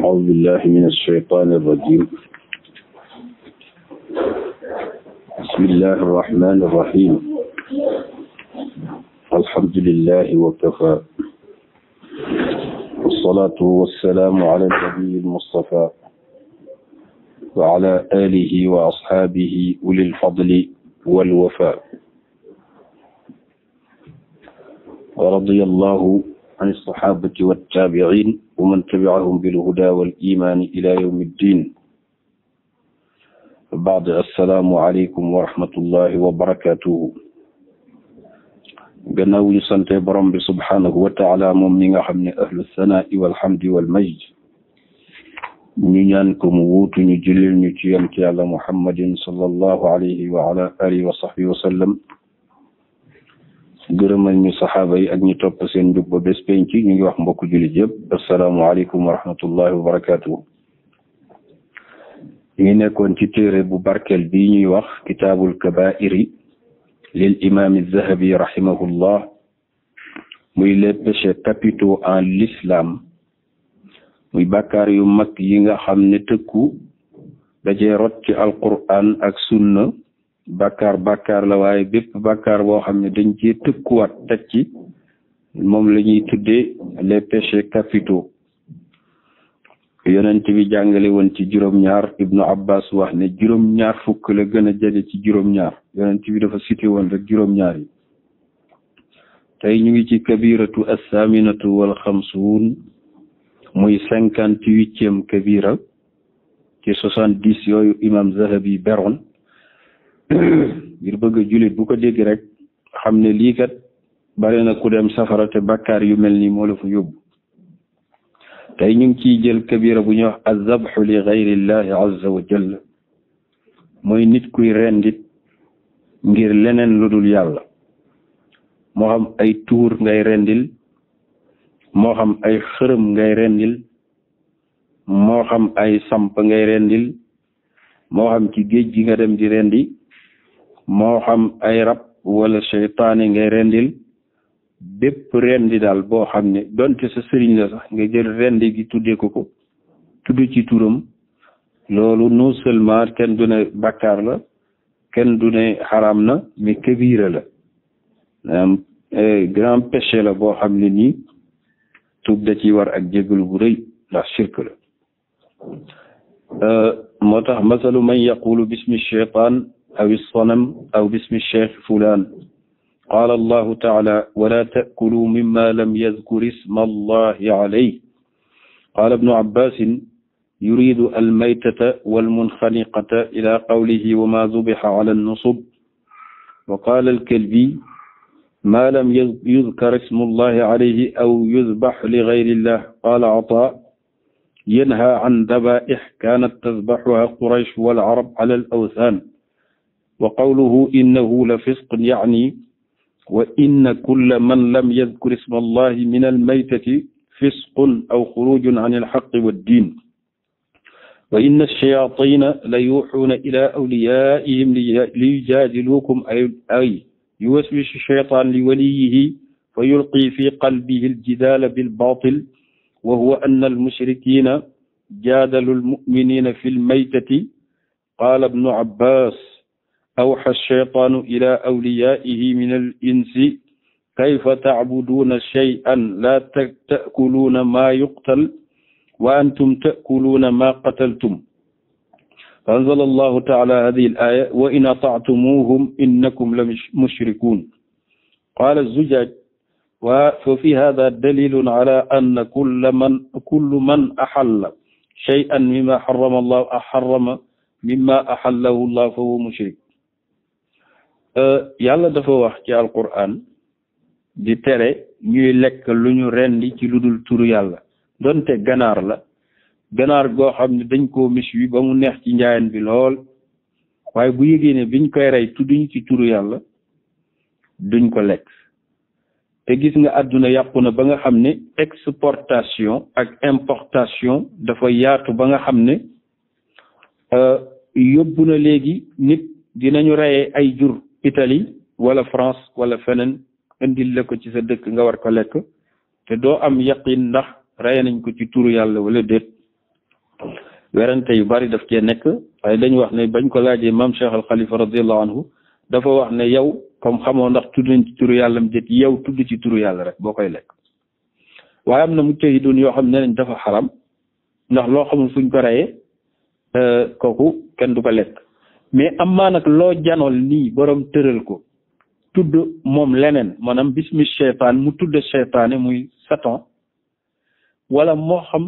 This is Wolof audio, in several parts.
أعوذ بالله من الشيطان الرجيم بسم الله الرحمن الرحيم الحمد لله وكفى والصلاة والسلام على النبي المصطفى وعلى آله وأصحابه أولي الفضل والوفاء ورضي الله an alsahabati waltabiin wa man tabiahum bilhuda walimani ila yawm ddin baad assalaamu aleykum wa rahmatullahi wa barakatuhu gannaaw wu ñu sante borom bi subhanahu wa taala moom mi nga xam ne ahlu sanai walhamdi walmajd ñu ñaan ko mu wuutu ñu jëlil ñu ci yant yàlla muhammadin sallallahu alayhi wa ala alihi wa sahbihi wa sallam gërëmal ñu saxaaba yi ak ñu topp seen njub ba bés ñu ngi wax mbokku jullit yëpp asalaamualeykum wa rahmatullahi wa barakaatu. ñu ngi nekkoon ci téere bu barkel bi ñuy wax kitaabul kabairi lil imaam zahabi rahimahullah muy les péchés capitaux en l'islam muy bàkkaar yu mag yi nga xam ne tëkku dajee rot ci alquran ak sunna bàkkaar bàkkaar la waaye bépp bàkkaar boo xam ne dañ cee tëkkuwaat teg ci moom la ñuy tuddee les péchés capitaux yonent bi jàngale woon ci juróom-ñaar ibnu abbas wax ne juróom-ñaar fukk la gën a jege ci juróom-ñaar yonent bi dafa siti woon rek juróom-ñaar yi tey ñu ngi ci kabiratu assaminatu wal xamsuun muy cinquante huitième kabira ci soixante dix yooyu imam zahabi beroon ngir bëgg a jullit bu ko dégg rek xam ne lii kat bare na ku dem safara te bakkaar yu mel nii moo la fa yóbbu tey ñu ngi ciy jël kabira bu ñuy wax azabxu li gayrillahi azza wa jalla mooy nit kuy rendit ngir leneen lu dul yàlla moo xam ay tuur ngay rendil moo xam ay xërëm ngay rendil moo xam ay samp ngay rendil moo xam ci géej gi nga dem di rendi moo xam ay rab wala seytaane ngay rendil bépp rendi daal boo xam ne donte sa sëriñ la sax nga jël rendi gi tuddee ko ko tudd ci turam loolu non seulement kenn du ne la kenn du ne xaraam na mais kabiira la maanaam eh, grand péché la boo xam ne nii tuub da ci war ak jégalu bu rëy ndax sirk euh, moo tax masalu man yaqulu bismi shaytaan aw ilsanam aw bismi cheikh fulan qaala allahu taala wala takuluu mimma lam yazkur isma allahi alayh qaala ibnu abbasin yuridu almaytata walmunxaniqata ila qawlihi wa ma zubixa ala annusub wa qaala alkalbi ma lam yuzkar ismu allahi alayhi aw yuzbax li gayrillah qaala ata yanha an dabaix kaanat tasbaxuha quraysh wal arab ala al awthan wa qawluhu innahu la fisqun yaani wa inna kulla man lam yadkur isma allahi min almaytati fisqun aw xurujun an alxaqi waddin wa inna alchayatina la yuxuuna ila awliyaihim liyujaadilukum ay ay yuwaswisu cheytaan li waliyihi fa yulqi fi qalbihi aljidaala bilbatil wa huwa anna almushrikina jaadalu almuminina fi almaytati qaala ibnu abbas awxa shaytaanu ila awliyaihi min al insi kayfa tacbuduuna shay'an laa ta'kuluuna maa yuqtal wa antum ta'kuluuna maa qataltum fa anzala allahu taala hadihi al aaya wa in atactumuuhum innakum la mushrikuun qaala zujaaj wa fi hada dalilun ala anna kulla man kullu man axalla shay'an mima xarama allah xarama mima axallahu allah fa huwa mushrik Euh, yàlla dafa wax ci alquran di tere ñuy lekk lu ñu rendi ci lu dul turu yàlla donte ganaar la ganaar goo xam ne dañ koo mis wi ba mu neex ci njaayan bi lool waaye bu yégée ne biñ koy rey tudduñ ci turu yàlla duñ ko lekk te gis nga àdduna yàqu na ba nga xam ne exportation importation dafa yaatu ba nga xam ne euh, yóbbu na léegi nit dinañu reyee ay jur Italie wala France wala feneen indil la ko ci sa dëkk nga war ko lekk te doo am yaqin ndax rey nañ ko ci turu yàlla wala déet werante yu bari daf cee nekk waaye dañ wax ne bañ ko laajee maam Cheikh Al Khalifa radiallahu anhu dafa wax ne yow comme xamoo ndax tudd nañ ci turu yàlla mu déet yow tudd ci turu yàlla rek boo koy lekk waaye am na mu tey doon yoo xam ne nañ dafa xaram ndax loo xamul fuñ ko reyee euh, kooku kenn du ko lekk mais am maa loo janool nii boroom tëral ko tudd moom leneen maanaam bismi cheytaan mu tudd cheytaane muy satan wala moo xam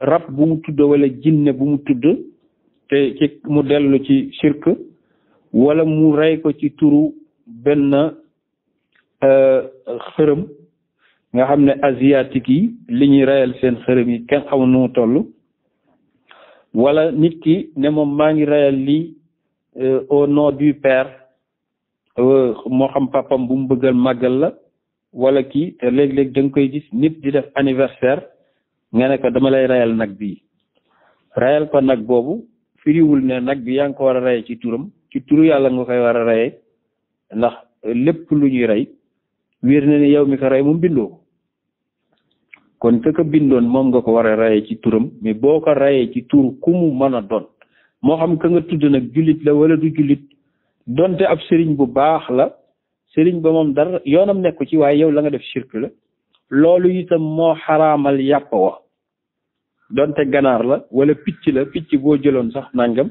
rab bu mu tudd wala jinne bu mu tudd te ci mu dellu ci shirk wala mu rey ko ci turu benn euh, xërëm nga xam ne asiatique yi li ñuy reyal seen xërëm yi kenn xamul nu mu toll wala nit ki ne moom maa ngi reyal lii Euh, au nom du père euh, moo xam papam bu mu bëggal màggal la wala kii te léeg-léeg da koy gis nit di def anniversaire nga nekk dama lay reyal nag bi reyal ko nag boobu firiwul ne nag bi yaa ngi ko war a reye ci turam ci turu yàlla nga koy war a reye ndax lépp lu ñuy rey wér na ni yow mi ko rey moom bindoo ko kon te bindoon moom nga ko war a reye ci turam mais boo ko reyee ci tur ku mu mën a doon moo xam ka nga tudd nag jullit la wala du jullit donte ab sëriñ bu baax la sëriñ ba moom dara yoonam nekku ci waaye yow la nga def shirk la loolu itam moo xaraamal yàpp wa donte ganaar la wala picc la picc boo jëloon sax nangam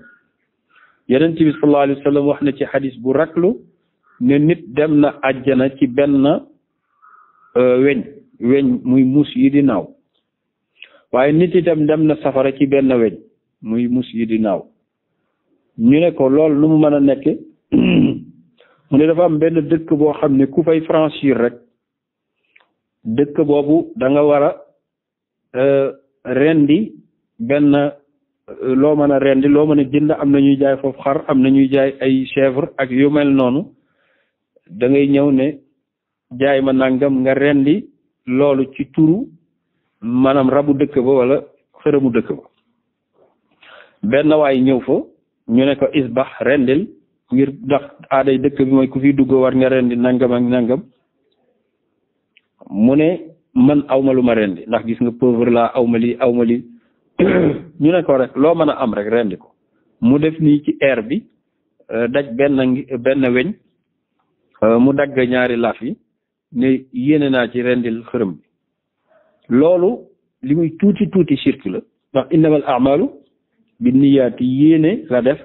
yeneen bi sallallahu wax na ci xadis bu raklu ne nit dem na àjjana ci benn euh, weñ weñ muy muus yi di naaw waaye nit itam dem na safara ci benn weñ muy muus yi di naaw ñu ne ko lool lu mu mën a nekke mu ne dafa am benn dëkk boo xam ne ku fay franchir rek dëkk boobu danga nga war a euh, rendi benn euh, loo mën a rendi loo mën a jënd am na ñuy jaay foofu xar am na ñuy jaay ay chèvre ak yu mel noonu da ñëw ne jaay ma nangam nga rendi loolu ci turu maanaam rabu dëkk ba wala xërëmu dëkk ba benn waay ñëw fo ñu ne ko isbax rendil ngir ndax aaday dëkk bi mooy ku fi dugg war nga rendi nangam ak nangam mu ne man awma lu ma rendi ndax gis nga pauvre la awma lii awma lii ñu ne ko rek loo mën a am rek rendi ko mu def nii ci air bi euh, daj benn benn weñ euh, mu dagg ñaari laf yi ne yéene naa ci rendil xërëm bi loolu li muy tuuti tuuti shirk la ndax innamal amalu bi niyaati yéene la def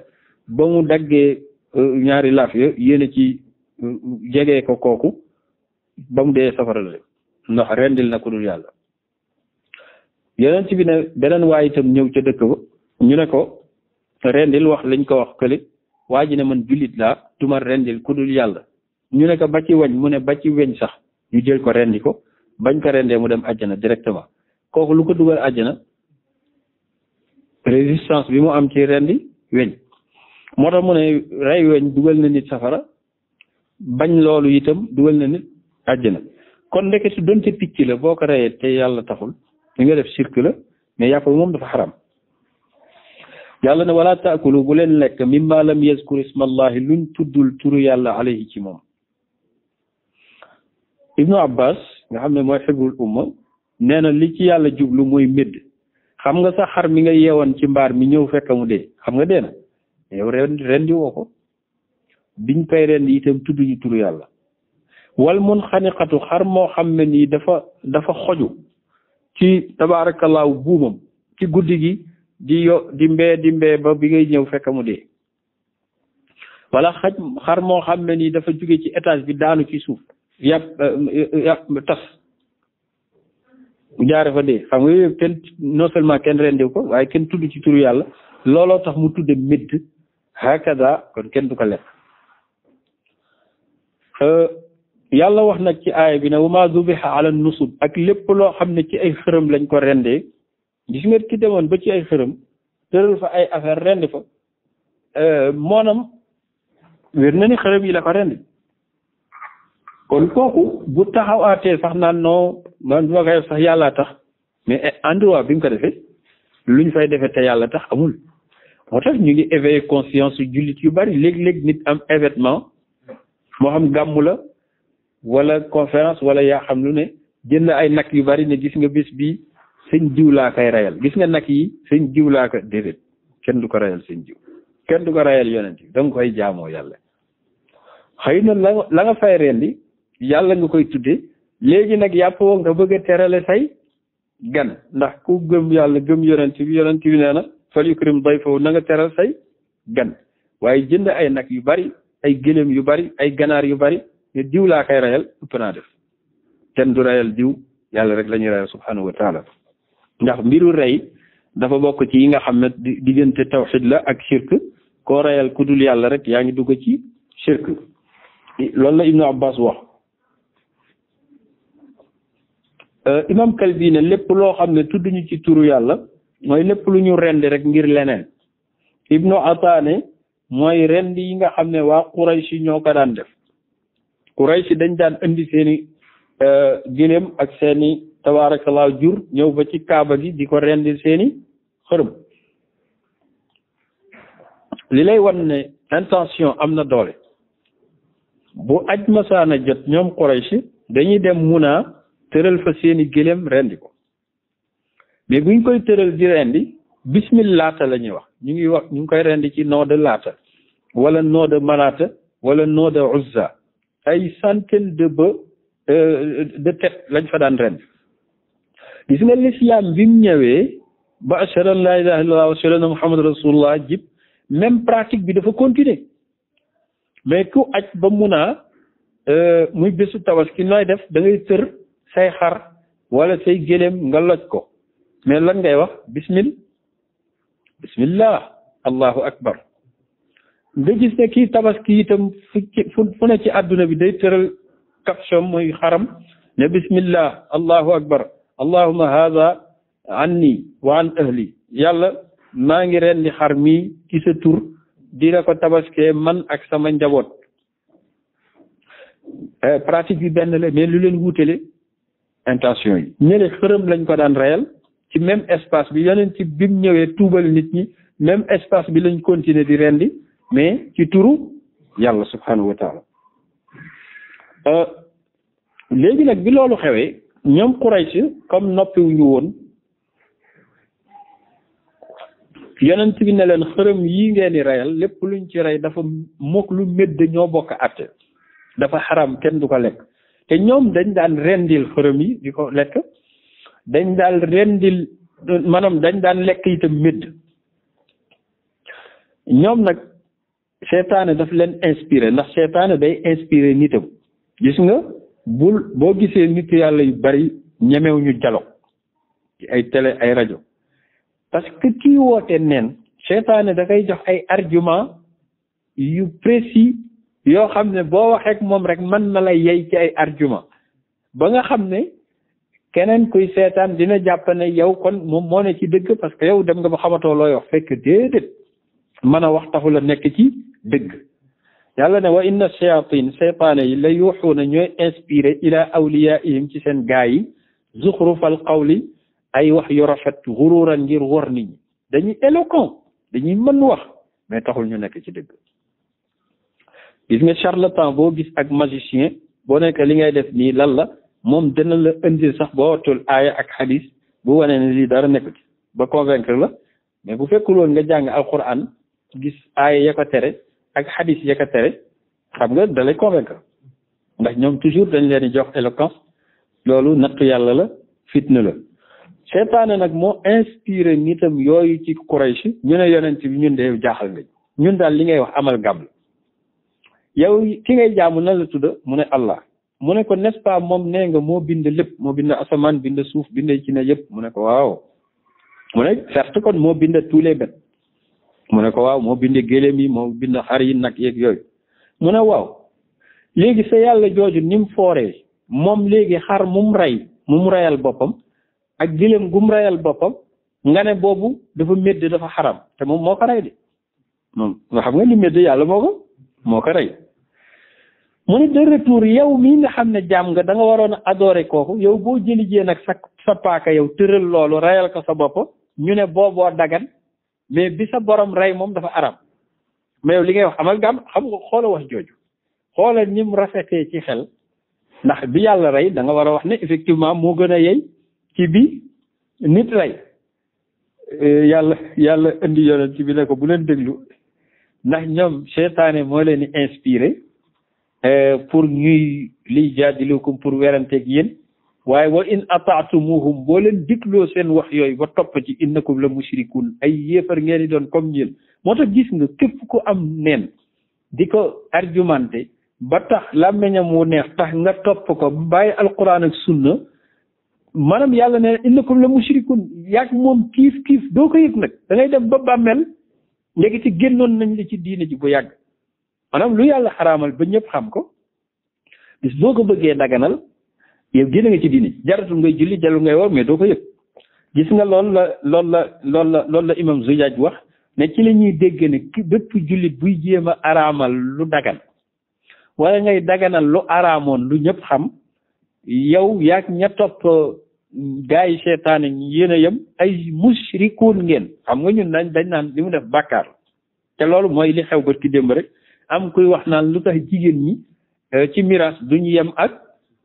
ba mu daggee euh, ñaari laaf ya yéene ci euh, jegee ko kooku ba mu dee safara la ndax rendil na ko dul yàlla yeneen ci bi ne beneen waay tam ñëw ca dëkk ba ñu ne ko rendil wax lañ ko wax kële waa ji ne man jullit laa duma rendil ku dul yàlla ñu ne ko ba ci weñ mu ne ba ci weñ sax ñu jël ko rendi ko bañ ko rendee mu dem àjjana directement kooku lu ko dugal àjjana résistance bi mu am ci rendi weñ moo tax mu ne rey weñ dugal na nit safara bañ loolu itam dugal na nit na kon ndekete donte picc la boo ko reyee te yàlla taxul li nga def sirk la mais yàpp moom dafa xaram yàlla ne wala taakulu bu leen lekk mimma lam yazkur ismallahi luñ tuddul turu yàlla alayhi ci moom ibnu abbas nga xam ne mooy xibul umma nee na li ci yàlla jublu mooy médd xam nga sax xar mi nga yeewoon ci mbaar mi ñëw fekk mu dee xam nga dee na yow ren ren di woo ko biñ koy ren itam tudd ñu turu yàlla wal mun xaniqatu xar moo xam ne nii dafa dafa xoju ci tabaarakallaahu buumam ci guddi gi di yo di mbee di mbee ba bi ngay ñëw fekk mu dee xar moo xam ne nii dafa jóge ci étage bi daanu ci suuf yàpp euh, euh, yàpp tas mu jaare fa dee xam nga yooyu kenn non seulement kenn rendiw ko waaye kenn tudd ci turu yàlla looloo tax mu tudde médd hakada kon kenn du ko lekk euh, yàlla wax na ci aaya bi ne wa ma dubiha ak lépp loo xam ne ci ay xërëm lañ ko rendee gis ki demoon ba ci ay xërëm tëral fa ay affaire rendi fa euh, moonam wér na ni xërëm yi la ko rendi kon kooku bu taxawaatee sax naan non man bu ma sax yàllaa tax mais endroit bi mu ko defee lu ñu fay defee te yàlla tax amul moo tax ñu ngi éveiller conscience su jullit yu bari léeg-léeg nit am événement moo xam gàmmu la wala conférence wala yaa xam lu ne jënd ay nag yu bari ne gis nga bis bi sëñ jiw laa koy rayal gis nga nag yi sëñ jiw laa ko déedéet kenn du ko rayal sëñ jiw kenn du ko rayal yonent bi danga koy jaamoo yàlla xëy na la la nga fay rendi yàlla nga koy tuddee léegi nag yàpp woo nga bëgg terale say gan ndax ku gëm yàlla gëm yonent bi yonent bi nee na fal yukrim dayfahu na nga teral say gan waaye jënd ay nag yu bari ay gëléem yu bari ay ganaar yu bari ne diw laa koy rayal ëpp naa rek la ñuy rayal subhanahu wa taala ndax mbiru rey dafa bokk ci yi nga xam ne diggante tawxid la ak shirk koo rayal ku dul yàlla rek yaa ngi dugg ci shirk loolu la Ibnu Abbas wax Euh, imam Kalbi ne lépp loo xam ne tudd ñu ci turu yàlla mooy lépp lu ñu rend rek ngir leneen ibnu ataane mooy rend yi nga xam ne waa si ñoo ko daan def si dañ daan indi seeni euh, giléem ak seeni tabarakallah jur ñëw ba ci kaaba gi di ko rendi seeni xërëm li lay wan ne intention am na doole bu aj masaana jot ñoom Quraysh dañuy dem munaa tëral fa seeni gëléem rendi ko mais bu ñu koy tëral di rendi bismil laata la ñuy wax ñu ngi wax ñu ngi koy rendi ci de laata wala nooda manaata wala nooda uzza ay centaine de ba euh, de tête lañ fa daan rendi gis nga l'islam ñëwee ba ashhadu an laa ilaaha illallaah wa ashhadu anna muhammadan rasulullah jib même pratique bi dafa continuer mais ku aj ba mun euh, muy bésu tabaski nooy def da tër say xar walla say gëléem nga loj ko mais lan ngay wax bismil bismillah allahu akbar nga gis ne kii tabaski itam fu ne ci àdduna bi day tëral kapsom mooy xaram ne bismillah allahu akbar allahuma hada anni wa an ahli yàlla maa ngi rendi xar mi ci sa tur di la ko tabaskee man ak sama njaboot eh, pratique bi benn la mais lu leen wuutale intention yi ñële xërëm lañ ko daan reyal ci même espace bi yonent ci bi mu ñëwee tuubal nit ñi même espace bi lañ continuer di rendi mais ci turu yàlla subhanahu wa taala euh, léegi nag bi loolu xewee ñoom Quraysh comme noppiwuñu woon yonent bi ne leen xërëm yi ngeen di reyal lépp luñ ci rey dafa mook lu médd ñoo bokk àtte dafa xaram kenn du ko lekk te ñoom dañ daan rendil xërëm yi di ko lekk dañ daan rendil maanaam dañ daan lekk itam médd ñoom nag seetaane daf leen inspiré ndax seetaane day inspiré nitam gis nga bul boo gisee nit yàlla yu bari ñemew ñu dialogue ci ay télé ay rajo parce que kii woote neen seetaane da jox ay argument yu précis yoo xam ne boo waxeek moom rek man na la yey ci ay arjuma ba nga xam ne keneen kuy seetaan dina jàpp ne yow kon moom moo ne ci dëgg parce que yow dem nga ba xamatoo looy wax fekk déedéet mën a wax taxu la nekk ci dëgg yàlla ne wa inna shayatin seytaane yi la yuuxuuna ñooy inspiré ila awliyaihim ci seen gaa yi zuxrufal qawli ay wax yu rafet ngir wor nit ñi dañuy éloquent dañuy mën wax mais taxul ñu nekk ci dëgg gis nga charlatan boo gis ak magicien boo nekk li ngay def nii lan la moom dina la indil sax boo wattul aaya ak xadis bu wane ne lii dara nekku ci ba convaincre la mais bu fekkul woon nga jàng alquran gis aaya ya ko tere ak xadis ya ko tere xam nga dalay convaincre ndax ñoom toujours dañ leen di jox éloquence loolu nattu yàlla la fitna la seetaane nag moo inspiré nitam yooyu ci Quraysh ñu ne yonent bi ñun de jaaxal nañ ñun daal li ngay wax amal gàmm yow ki ngay jaamu nan la tudd mu ne Allah mu ne ko nest moom nee nga moo bind lépp moo bind asamaan bind suuf bind ci ne yëpp mu ne ko waaw ne certes kon moo bind tous les mu ne ko waaw moo bind géléem yi moo bind xar yi nag yeeg yooyu mu ne waaw léegi sa yàlla jooju nim mu fooree moom léegi xar mu mu rey mu mu reyal boppam ak géléem gu mu reyal boppam nga ne boobu dafa médd dafa xaram te moom moo ko rey de moom nga xam nga ni médd yàlla moo ko moo ko rey mu ne de retour yow mii nga xam ne jaam nga da nga waroon a adorer kooku yow boo jëli jeen ak sa sa paaka yow tëral loolu reyal ko sa bopp ñu ne booboo dagan mais bi sa borom rey moom dafa aram mais yow li ngay wax amal nga am xam nga xoola wax jooju xoola ni mu rafetee ci xel ndax bi yàlla rey da nga war a wax ne effectivement moo gën a yey ci bi nit rey euh, yàlla yàlla indi ci bi ne ko bu leen déglu ndax ñoom seytaane moo leen di inspiré Euh, pour ñuy liy jaadilukum pour weranteeg yéen waaye wa in ataatumuhum boo leen digloo seen wax yooyu ba topp ci innakum la mushrikun ay yéefar ngeen di doon comme ñeen moo tax gis nga képp ku am neen di ko argumenté ba tax làmmeñam wu neex tax nga topp ko bàyyi alquran ak sunna maanaam yàlla nee innakum la mushrikun yaag moom kiif kiif doo ko yëg nag da ngay dem ba bàmmeel léegi ci génnoon nañ la ci diine ji bu yàgg maanaam lu yàlla xaraamal ba ñëpp xam ko bis boo ko bëggee daganal yow génn nga ci diini jaratul ngay julli jarul ngay war mais doo ko yëg gis nga loolu la loolu la loolu la loolu la imam Zujaaj wax ne ci la ñuy dégg ne bépp jullit buy jéem a araamal lu dagan wala ngay daganal lu araamoon lu ñëpp xam yow yaag ña topp gaa yi seetaan yéen a yem ay mushrikuun ngeen xam nga ñun dañ dañ naan li mu def bàkkaar te loolu mooy li xew bët ki démb rek am kuy wax naan lu tax jigéen ñi euh, ci miraas ñu yem ak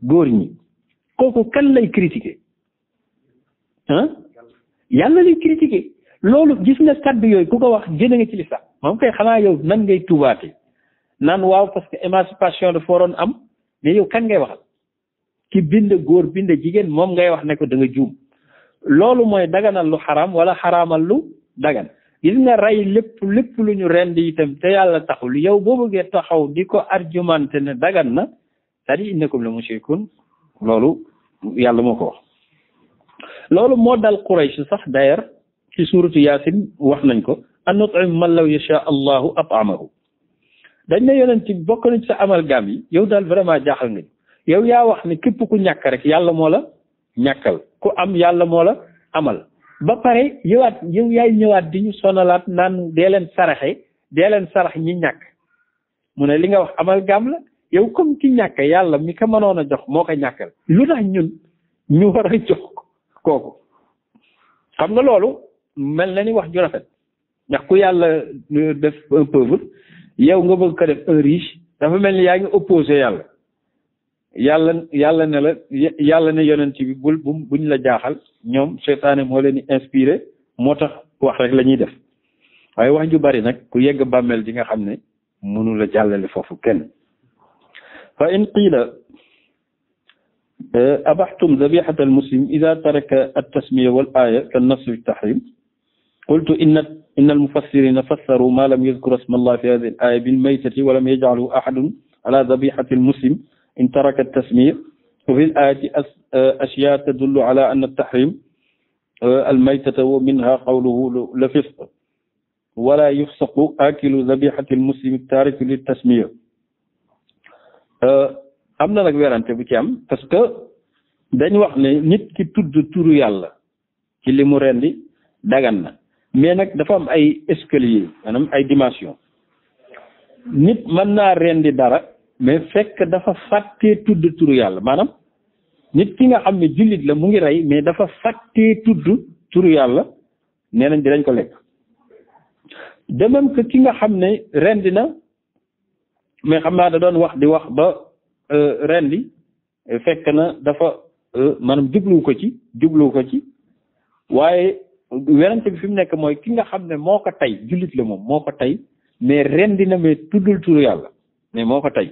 góor ñi kooku kan lay critiquer ah yàlla lay critiquer loolu gis nga kaddu yooyu ku ko wax jënd nga ci lislaam moom kay xanaa yow nan ngay tuubaate naan waaw parce que émancipation dafa waroon am mais yow kan ngay waxal ki bind góor bind jigéen moom ngay wax ne ko da juum loolu mooy daganal lu xaraam wala xaraamal lu dagan gis nga rey lépp lépp lu ñu rend itam te yàlla taxul yow boo bëggee taxaw di ko argumenté ne dagan na cest à innakum la mushrikun loolu yàlla moo ko wax loolu moo dal Quraysh sax dayar ci suuratu Yaasin wax nañ ko an nut'im man law yasha allahu dañ ne yonent bokk nañ sa amal gam yi yow daal vraiment jaaxal nga yow yaa wax ne képp ku ñàkk yàlla moo ñàkkal ku am yàlla moo la amal ba pare yëwaat yow yaay ñëwaat di ñu sonalaat naan dee leen saraxe dee leen sarax ñi ñàkk mu ne li nga wax amal gàmm la yow comme ci ñàkk yàlla mi ko manoon a jox moo ko ñàkkal lu tax ñun ñu war a jox kooku xam nga loolu mel na ni wax ju rafet ndax ku yàlla euh, def un pauvre yow nga bëgg ko def un riche dafa mel ni yaa ngi opposé yàlla yàlla yàlla ne la yàlla ne yonent bi bul bu buñ la jaaxal ñoom seytaane moo leen inspiré moo tax wax rek la ñuy def waaye wax ju bari nag ku yegg bàmmeel di nga xam ne mënu la jàllale foofu kenn fa in qiila eh, abaxtum dabixata almuslim ida taraka altasmiya wal aya ka nas fi tahrim qultu inna inna almufassirina fassaru ma lam yadkur asma allah fi hadihi al aya bilmaytati walam yajcalu axadun ala dabixati almuslim in taraka tasmir wa fi l-aayati eh, ashyaa tadullu ala anna tahrim eh, almaytata wa minha qawluhu la fisq wala yufsaqu akilu zabihati almuslimi taariku li tasmir eh, am na nag werante bu ci am parce que dañ wax ne nit ki tudd turu yàlla ci li mu rendi dagan na mais nag dafa am ay escalier maanaam ay dimension nit mën naa rendi dara mais fekk dafa fàttee tudd turu yàlla maanaam nit ki nga xam ne jullit la mu ngi rey mais dafa fàttee tudd turu yàlla nee nañ dinañ ko lekk de même ki nga xam ne rendi na mais xam naa da doon wax di wax ba euh, rendi fekk na dafa euh, maanaam jubluwu ko ci jubluwu ko ci waaye werante bi fi mu nekk mooy ki nga xam ne moo ko tey jullit la moom moo ko tey mais rendi na mais tuddul turu yàlla mais moo ko tey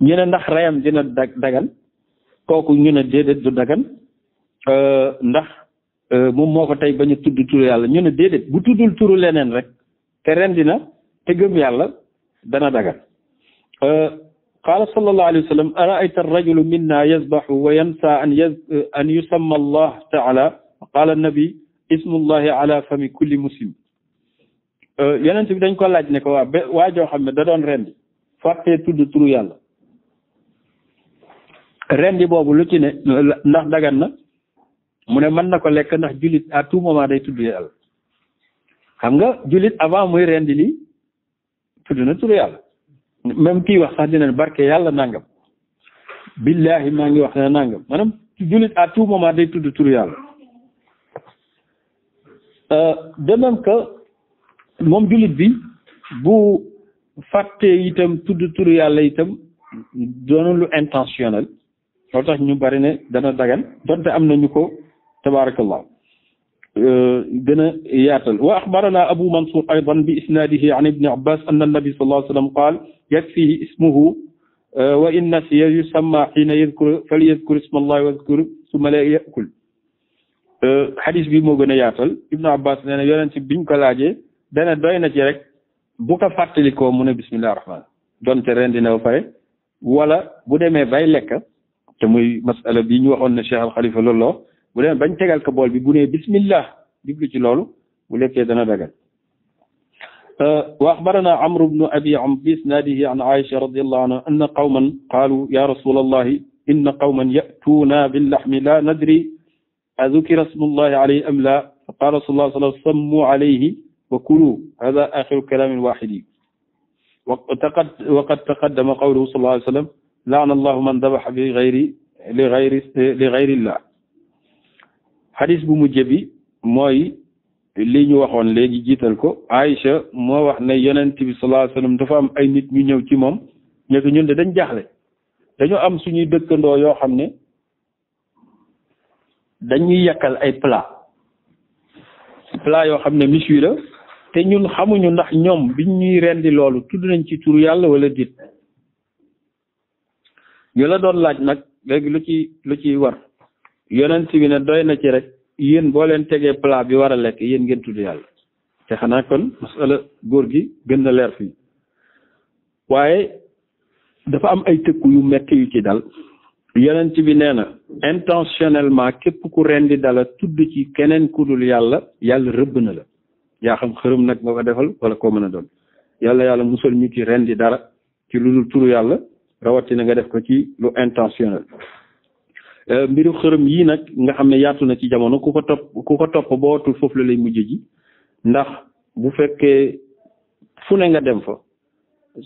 ñu ne ndax reyam dina dagan kooku ñu ne déedéet du dagan euh, ndax euh, moom moo ko tey bañ a tudd turu yàlla ñu ne déedéet bu tuddul turu leneen rek te ren dina te gëm yàlla dana dagan euh, qaala sallallahu alayhi wa sallam araayta arrajulu minna yasbaxu wa yansa an yas an yusamma allah taala qaala nabi ismullahi ala fami kulli muslim yonent bi dañ ko laaj ne ko waa ba waa joo xam ne da doon rendi fàttee tudd turu yàlla rendi boobu lu ci ne ndax dagan na mu ne mën na ko lekk ndax julit à tout moment day tudd yàlla xam nga julit avant muy rendi lii tudd na tudd yàlla même kii wax sax dina barke yàlla nangam billahi maa ngi wax ne nangam maanaam jullit à tout moment day tudd turu yàlla euh, de même que moom jullit bi bu fàttee itam tudd turu yàlla itam doonu lu intentionnel loolu tax ñu bari ne dana dagan donte am na ñu ko tabaarakallah euh, gën a yaatal wa axbarana abu mansour aydan bi isnaadihi an ibni abbas anna annabi sallallahu alayhi wa sallam qaal yakfihi ismuhu euh, wa in nasiya yusamma xiina yadkur fal yadkur isma allahi wa yadkur summa la yakul euh, xadis bi moo gën a yaatal ibnu abbas nee na yonent biñ ko laajee dana doy na ci rek bu ko fàttalikoo mu ne bismillahi rahmaan donte rendi ba pare wala bu demee bay lekk te muy masala bi ñu waxoon ne Cheikh Al Khalifa looloo bu dee bañ tegal ko bool bi bu nee bismillah diglu ci loolu bu lekkee dana dagal euh, wa axbarana amru bnu abi am bi isnaadihi an aisha radiallahu anha anna qawman qaalu ya rasul allahi inna qawman yatuuna billaxmi la nadri adukira smullahi alayhi am la fa qaala rasulullah sallam sammu alayhi wa kulu hada axiru kalaamin waaxidi wa taqad wa qad taqaddama qawluhu sallallahu alayhi wa sallam laana allahu man dabaxa bi gayri li gayri li la xadis bu mujj bi mooy li ñu waxoon léegi jiital ko Aïcha moo wax ne yonent bi sallallahu alayhi dafa am ay nit ñu ñëw ci moom ñekk ñun de dañ jaaxle dañu am suñuy dëkkandoo yoo xam ne dañuy yàkkal ay plat plat yoo xam ne monsieur la te ñun xamuñu ndax ñoom biñ ñuy rendi loolu tudd nañ ci turu yàlla wala dit ñu la doon laaj nag léegi lu ci lu ciy war yonent bi ne doy na ci rek yéen boo leen tegee plat bi war a lekk yéen ngeen tudd yàlla te xanaa kon masala góor gi gën na leer fii waaye dafa am ay tëkku yu metti yu ci dal yonent bi nee na intentionnellement képp ku rendi dala tudd ci keneen ku dul yàlla yàlla rëbb na la yaa xam xërëm nag nga ko defal walla koo mën a doon yàlla yàlla musal ñu ci rendi dara ci lu dul turu yàlla rawatina nga def ko ci lu intentionnel euh, mbiru xërëm yii nag nga xam ne yaatu na ci jamono ku ko topp ku ko topp bootul foofu la lay mujj ji ndax bu fekkee fu ne nga dem fa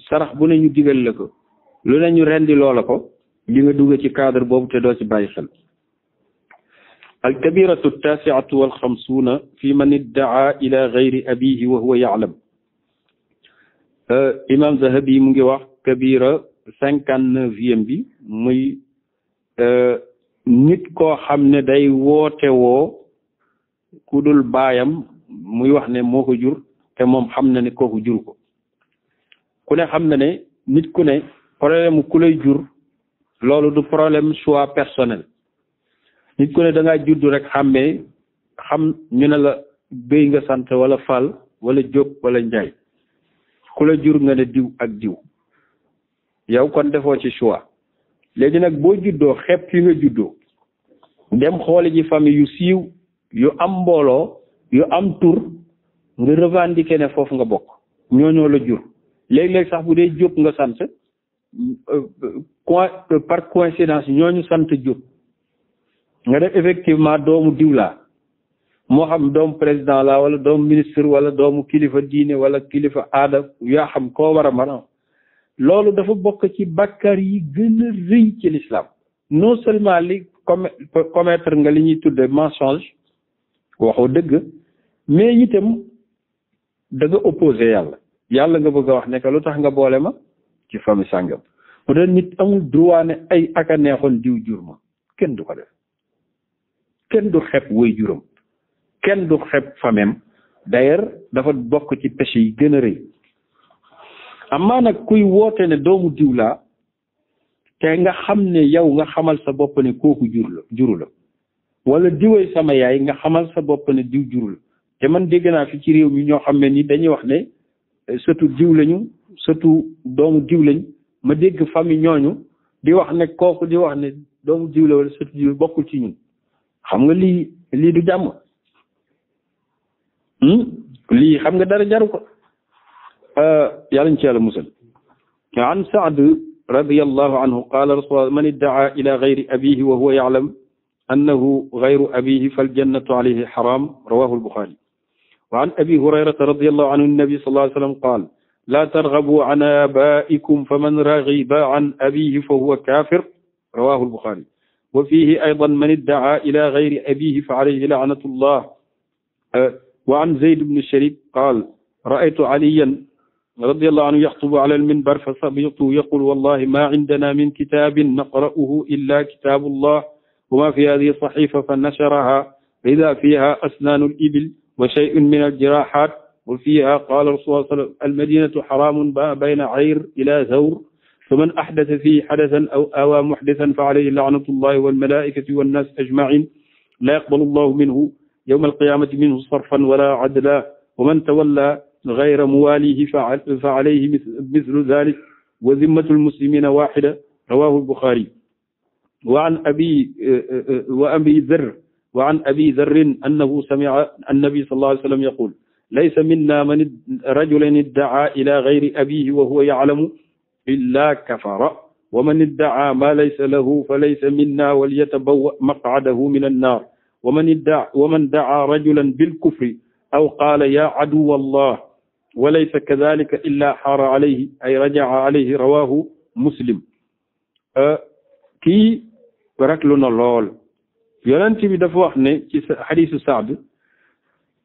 sarax bu ne ñu digal la ko lu ne ñu rendi loola ko li nga duggee ci cadre boobu te doo ci bàyyi xel al kabiratu taasiatu wal xamsuuna fi man iddaa ila gayri abihi wa huwa yaalam euh, imam zahabi mu ngi wax kabira cinquante neuvième bi muy euh, nit koo xam ne day woote woo ku dul baayam muy wax ne moo ko jur te moom xam na ne kooku jur ko ku ne xam na ne nit ku ne problème ku lay jur loolu du problème choix personnel nit ku ne da ngaa judd rek xàmmee xam ñu ne la béy nga sant wala fal wala jóg wala njaay ku la jur nga ne diw ak diw yow kon defoo ci choix léegi nag boo juddoo xepp yi nga juddoo dem xooli ji famille yu siiw yu am mbooloo yu am tur nga revendiquer ne foofu nga bokk ñooñoo la jur léeg-léeg sax bu dee Diop nga sant euh, euh, par coïncidence ñooñu sant Diop nga def effectivement doomu diw moo xam doomu président laa wala doomu ministre wala doomu kilifa diine wala kilifa aada yaa xam koo war a mën loolu dafa bokk ci bakkar yi gën rëy ci l'islam non seulement li commettre nga li ñuy tudde mensonge waxoo dëgg mais itam da nga yàlla yàlla nga bëgg a wax ne que lu tax nga boole ma ci famille sàngam mu doon nit amul droit ne ay ak a neexoon diw jur ma kenn du ko def kenn du xeeb woy juram kenn du xeeb famem d'ailleurs dafa bokk ci péché yi gën a rëy amma nag kuy woote ne doomu diw laa te nga xam ne yow nga xamal sa bopp ne kooku jur la juru la wala diwee sama yaay nga xamal sa bopp ne diw juru la te man dégg naa fi ci réew mi ñoo xam ne nii dañuy wax ne eh, sëtu diw lañu sëtu doomu diw lañ ma dégg famille ñooñu di wax ne kooku di wax ne doomu diw la wala sëtu diw bokkul ci ñun xam nga lii lii du jàmm hmm? lii xam nga dara jaru ko yàlla ñu ci yàlla musal an saad radiyallahu anhu qaala rasulullah man iddaa ila gayri abihi wa huwa yaalam annahu gayru abihi faljannatu alayhi xaram rawahu albuxaari wa an abi hurayrata radiyallahu anhu annabi sallallahu alayhi wasallam qaal laa targabu an abaikum faman ragiba an abihi fa huwa kaafir rawahu albuxaari wa fiihi aydan man iddaa ila gayri abihi fa alayhi laanatullah wa an zayd bni sharik qaal raaytu aliyan radiyallahu anhu yaxtubu ala alminbar fa sabiqtu yaqul wallahi ma indana min kitabin naqra'uhu illa kitabullah wa ma fi hadihi saxifa fa nasharaha fa ida fiha asnaanu alibil wa shay'un min aljirahat wa fiha qala rasulullah sallam almadinatu xaramun ma bayna ayr ila zawr faman axdata fihi xadasan aw awaa muxdisan fa alayhi laanatullahi walmalaikati wannas ajmain la yaqbalu allahu minhu yawma alqiyamati minhu sarfan wala adla wa man tawalla غير مواليه فعليه مثل ذلك وذمة المسلمين واحدة رواه البخاري وعن أبي وأبي ذر وعن أبي ذر أنه سمع النبي صلى الله عليه وسلم يقول ليس منا من رجل ادعى إلى غير أبيه وهو يعلم إلا كفر ومن ادعى ما ليس له فليس منا وليتبوأ مقعده من النار ومن ادعى ومن دعا رجلا بالكفر أو قال يا عدو الله walaysa kadalika illa xaara alayhi ay rajaa alayhi rawahu muslim kii raglu na lool yonent bi dafa wax ne ci xadiisu Saad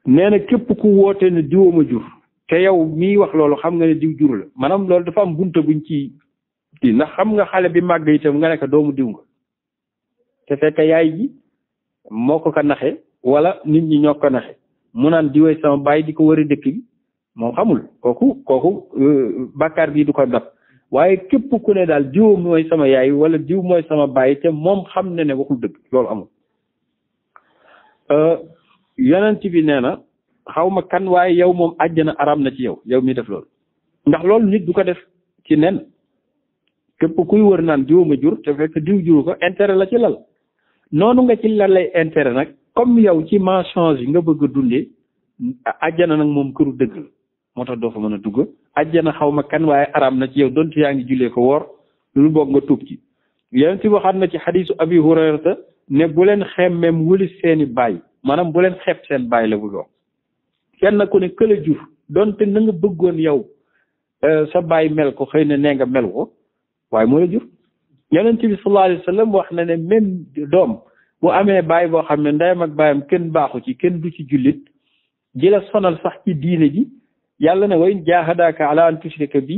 nee na képp ku woote ne diwuma jur te yow mii wax loolu xam nga ne diw jur la maanaam loolu dafa am bunta buñ ci di ndax xam nga xale bi màgg itam nga nekk doomu diw nga te fekk yaay ji moo ko naxe wala nit ñi ñoo ko naxe mu naan diwee sama baay di ko a dëkk bi moom xamul kooku kooku euh, bàkkaar bii du ko dab waaye képp ku ne daal jiw mooy sama yaay wala jiw mooy sama baay te moom xam na ne waxul dëgg loolu amul euh, yonent bi nee na xaw ma kan waaye yow moom na araam na ci yow yow mi def loolu ndax loolu nit du ko def ci nen képp kuy wër naan jiw ma jur te fekk diw juru ko intérêt la ci lal noonu nga ci lay intérêt nag comme yow ci mensonge yi nga bëgg a dundee àjjana nag moom këru dëgg la moo tax doo fa mën a dugg ajjana xaw ma kenn waaye araam na ci yow donte yaa ngi julee ko woor lu boog nga tuub ci yonent bi waxaat na ci xadiisu abi hurayrata ne bu leen xemmem wëlis seeni baay maanaam bu leen xeeb seen baay la bu wax kenn ku ne këla jur donte na nga bëggoon yow euh, sa baay mel ko xëy na nee nga mel ko waaye moo la jur yonent bi sallallahu wax na ne même doom bu amee baay boo xam ne ndeyam ak baayam kenn baaxu ci kenn du ci jullit ji sax diine ji yàlla na wayn jaaxadaaka ala an tushrika bi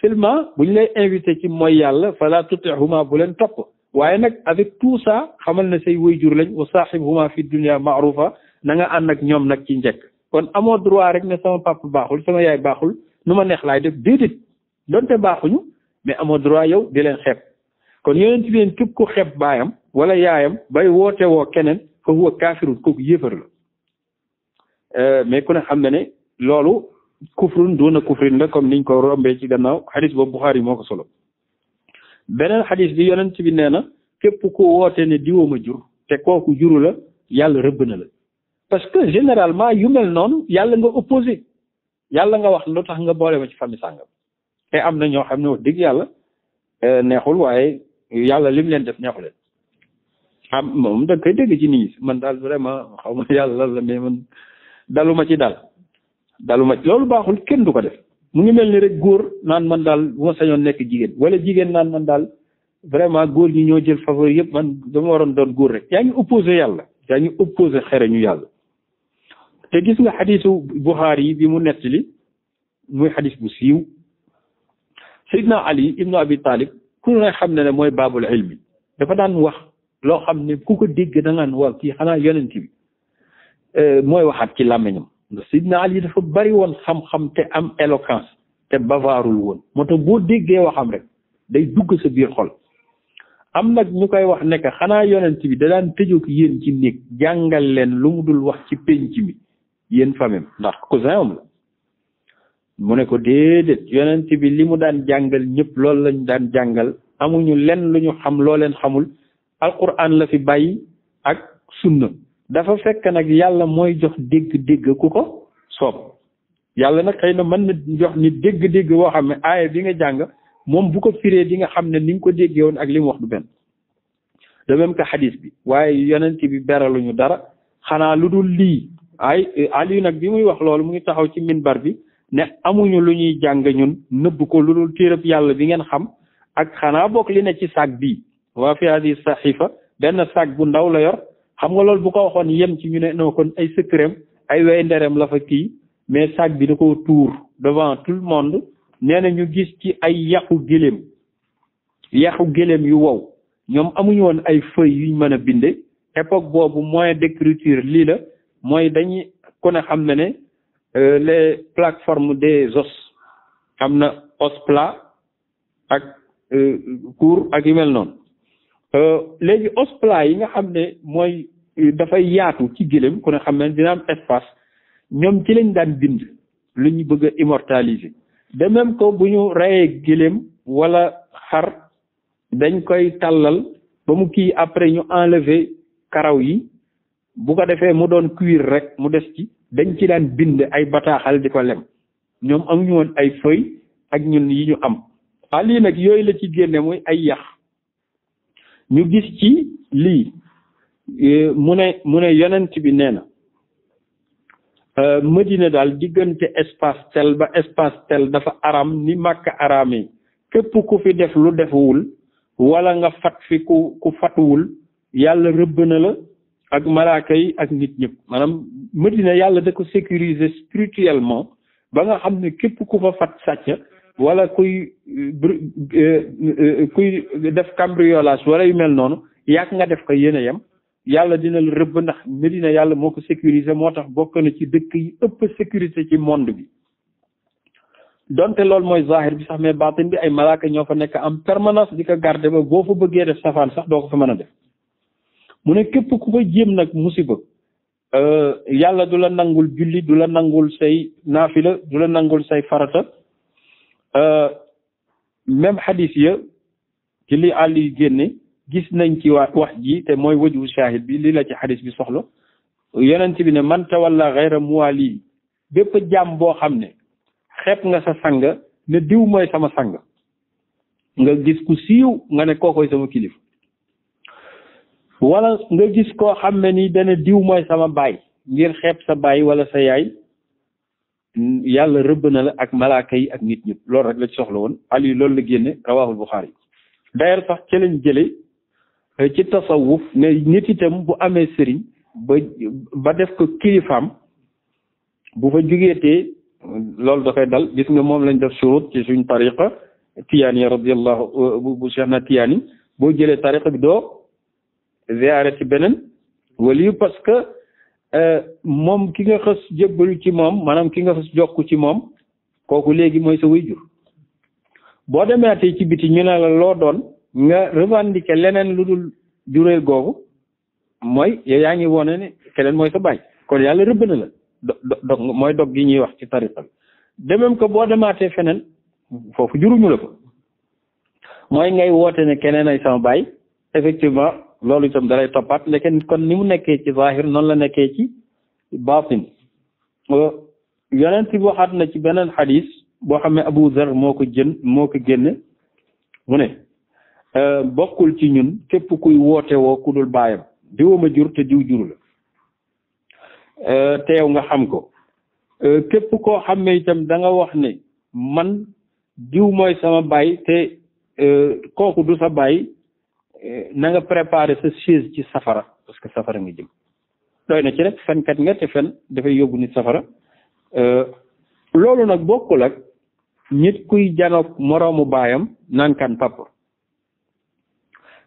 seulement bu ñu lay invité ci mooy yàlla falaa fala tutihuma bu leen topp waaye nag avec tout ça xamal ne say jur lañ wa saaxibhuma fi dunia maarufa na nga ànd ak ñoom nag ci njëkk kon amoo droit rek ne sama papa baaxul sama yaay baaxul nu ma neex laay def déedéet donte baaxuñu mais amoon droit yow di leen xeeb kon yonent bi leen képp ku xeeb baayam wala yaayam bay woote woo keneen fa huwa kaafirun kooku yéefar la euh, mais ku ne loolu kufrun duna kufrin la comme niñ ko rombee ci gannaaw xadis boobu Buxaari moo ko solo beneen xadis bi yeneen ci bi nee na képp ku wootee ne diwooma jur te kooku juru la yàlla rëbb na la parce que généralement yu mel noonu yàlla nga opposé yàlla nga wax lu tax nga boole ma ci famille sàngam te am na ñoo xam ne wax dëgg yàlla eh, neexul waaye yàlla lim leen def neexu leen am moom da koy dégg ci nit ñi man daal vraiment xaw ma yàlla lan la mais man daluma ci daal dalu ma loolu baaxul kenn du ko def mu ngi mel ni rek góor naan man daal bu ma sañoon nekk jigéen walla jigéen naan man daal vraiment góor ñi ñoo jël favori yépp man dama waroon doon góor rek yaa ngi opposé yàlla yaa ngi opposé xere ñu yàlla te gis nga xadisu Buxaari yi bi mu nettali muy xadis bu siiw Seydina Ali ibnu Abi Talib ku ne xam ne ne mooy baabul ilmi dafa daan wax loo xam ne ku ko dégg da ngaan waaw kii xanaa yonent bi eh, mooy waxaat ci làmmiñam ndax Sidna Ali dafa bari woon xam-xam te am éloquence te bavarul woon moo tax boo déggee waxam rek day dugg sa biir xol am nag ñu koy wax ne xanaa yonent bi da daan tëjoog yéen ci néeg jàngal leen lu mu dul wax ci pénc mi yéen famem ndax cousin am la mu ne ko déedéet yonent bi li mu daan jàngal ñëpp loolu lañu daan jàngal amuñu lenn lu ñu xam loo leen xamul alquran la fi bàyyi ak sunna dafa fekk nag yàlla mooy jox dégg-dégg ku ko soob yàlla nag xëy na mën na jox ni dégg-dégg boo xam ne aaya bi nga jàng moom bu ko firee di nga xam ne ni ko déggee woon ak li mu wax du benn de même que bi waaye yonent bi beraluñu dara xanaa lu dul lii ay Aliou nag bi muy wax loolu mu ngi taxaw ci minbar bi ne amuñu lu ñuy jàng ñun nëbb ko lu dul téerab yàlla bi ngeen xam ak xanaa bokk li ne ci saag bi waa fi hadi saxifa benn saag bu ndaw la yor xam nga loolu bu ko waxoon yem ci ñu ne non kon ay sëkkëram ay wey nderem la fa kii mais sac bi da ko tuur devant tout le monde nee na ñu gis ci ay yàqu gëléem yàqu gëléem yu wow ñoom amuñu woon ay feuilles yuñ mën a binde époque boobu moyen d'écriture lii la mooy dañuy ku ne xam ne ne euh, les plateforme des os am na os plat ak euh, cour ak yu mel noonu Euh, léegi ospla yi nga xam ne mooy euh, dafay yaatu ci gëléem ku ne xam ne dina am espace ñoom ci lañ daan bind lu ñu bëgg a immortaliser de même que bu ñu reyee gëléem wala xar dañ koy tàllal ba mu kii après ñu enlever karaw yi bu ko defee mu doon cuir rek mu des ci dañ ci daan bind ay bataaxal di ko lem ñoom amuñu woon ay feuille ak ñun yi ñu am ah nag yooyu la ci génne muy ay yax ñu gis ci lii euh, mu ne mu ne yonent bi nee na euh, Madina daal diggante espace tel ba espace tel dafa aram ni Makka yi képp ku fi def lu defuwul wala nga fat fi ku ku fatuwul yàlla rëbb na la ak malaaka yi ak nit ñëpp maanaam Madina yàlla da ko sécuriser spirituellement ba nga xam ne képp ku fa fat sàcc wala kuy eh, eh, kuy def cambriolage wala yu mel noonu yàgg nga def ko yéen a yem yàlla dina la rëbb ndax Medina yàlla moo ko sécuriser moo tax bokk na ci dëkk yi ëpp sécurité ci monde bi donte loolu mooy zahir bi sax mais baatin bi ay malaaka ñoo fa nekk am permanence di ko garder ba boo fa bëggee def safaan sax doo ko fa mën a def mu ne képp ku ko jéem nag musiba euh, yàlla du la nangul julli du la nangul say naafila du la nangul say farata Euh, même xadis ya ci li àll yi génne gis nañ ci waa wax ji te mooy wajhu shahid bi lii la ci xadis bi soxla yonent bi ne man tawalla ghayra muwali bépp jàmm boo xam ne xeeb nga sa sang ne diw mooy sama sang nga gis ku siiw nga ne kookoy sama kilifa walla nga gis koo xam ne ni dana diw mooy sama baay ngir xeeb sa baay wala sa yaay yàlla rëbb na la ak malaaka yi ak nit ñëpp loolu rek la ci soxla woon ali loolu la génne rawaahul Buxaari d'ailleurs sax ci lañ jële euh, ci tasawuf ne nit itam bu amee sëriñ ba ba def ko kilifaam bu fa jugeetee loolu dafay dal gis nga moom lañ def surut ci suñ tariqa tiyaani radiyallahu euh, bu bu Cheikh na tiyaani boo jëlee tariqa bi doo ziyaare ci beneen waliyu parce que Euh, moom ki nga xës jébbalu ci moom maanaam ki nga xës jokku ci moom kooku léegi mooy sa wayjur boo demeetee ci biti ñu ne la loo doon nga revendiquer leneen lu dul juréel googu mooy yaa ngi wone ne keneen mooy sa baay kon yàlla rëbb na la dog mooy dog gi ñuy wax ci tariqa bi de même que boo demaatee feneen foofu juruñu la ko mooy ngay woote ne keneen ay sama baay effectivement loolu itam dalay toppaat ndeke kon ni mu nekkee ci zahir noonu la nekkee ci baatin euh, yonent bi waxaat na ci beneen xadis boo xamee ne Abu Zar moo ko jën moo ko génne mu ne euh, bokkul ci ñun képp kuy woote woo ku dul baayam diwuma jur te diw juru la euh, te yow nga xam ko képp koo xam ne itam da wax ne man diw mooy sama baay te kooku du sa baay Eh, na nga préparer sa chaise ci safara parce que safara nga jëm doy na ci rek fenkat nga te fen dafay yóbbu nit safara eh, loolu nag bokkul ak nit kuy janook moroomu baayam naan kan papa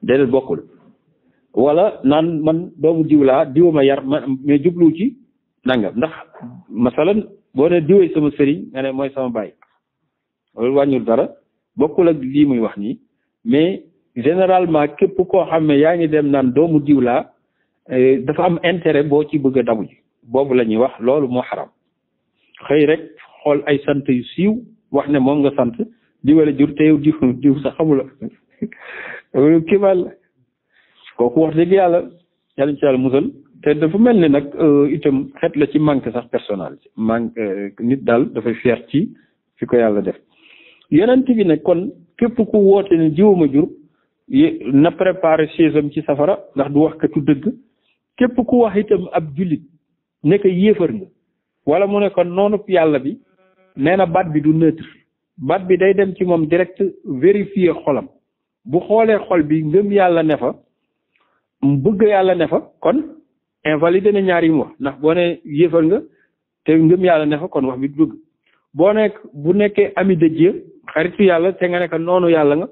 déedéet bokkul wala naan man doomu diw laa diw ma yar ma mais jublu ci nangam ndax masalan boo ne diwee sama sëriñ nga ne mooy sama baay loolu wàññul dara bokkul ak lii muy wax nii mais généralement képp koo xam ne yaa ngi dem naan doomu diw laa eh, dafa am intéret boo ci bëgg a dabu ji boobu la ñuy wax loolu moo xaram xëy rek xool ay sant yu siiw wax ne moom nga sant di wala jur te yow diw diw sax xamula loolu kooku wax dëgg yàlla yàlla ci yàlla musal te dafa mel ni nag euh, itam xet la ci manque sax personnalité manque euh, nit daal dafay fier ci fi ko yàlla def yonent bi nag kon képp ku woote ne jiwuma jur na préparé chaise am ci safara ndax du wax katu dëgg képp ku wax itam ab jullit nekk yéefar nga wala mu ne noonu yàlla bi nee na baat bi du neutre baat bi day dem ci moom direct vérifier xolam bu xoolee xol bi ngëm yàlla ne fa bëgg yàlla ne fa kon invalidé na ñaar yi wax ndax boo ne yéefar nga te ngëm yàlla ne fa kon wax bi du dëgg boo nekk bu nekkee ami de Dieu xaritu yàlla te nga ne noonu yàlla nga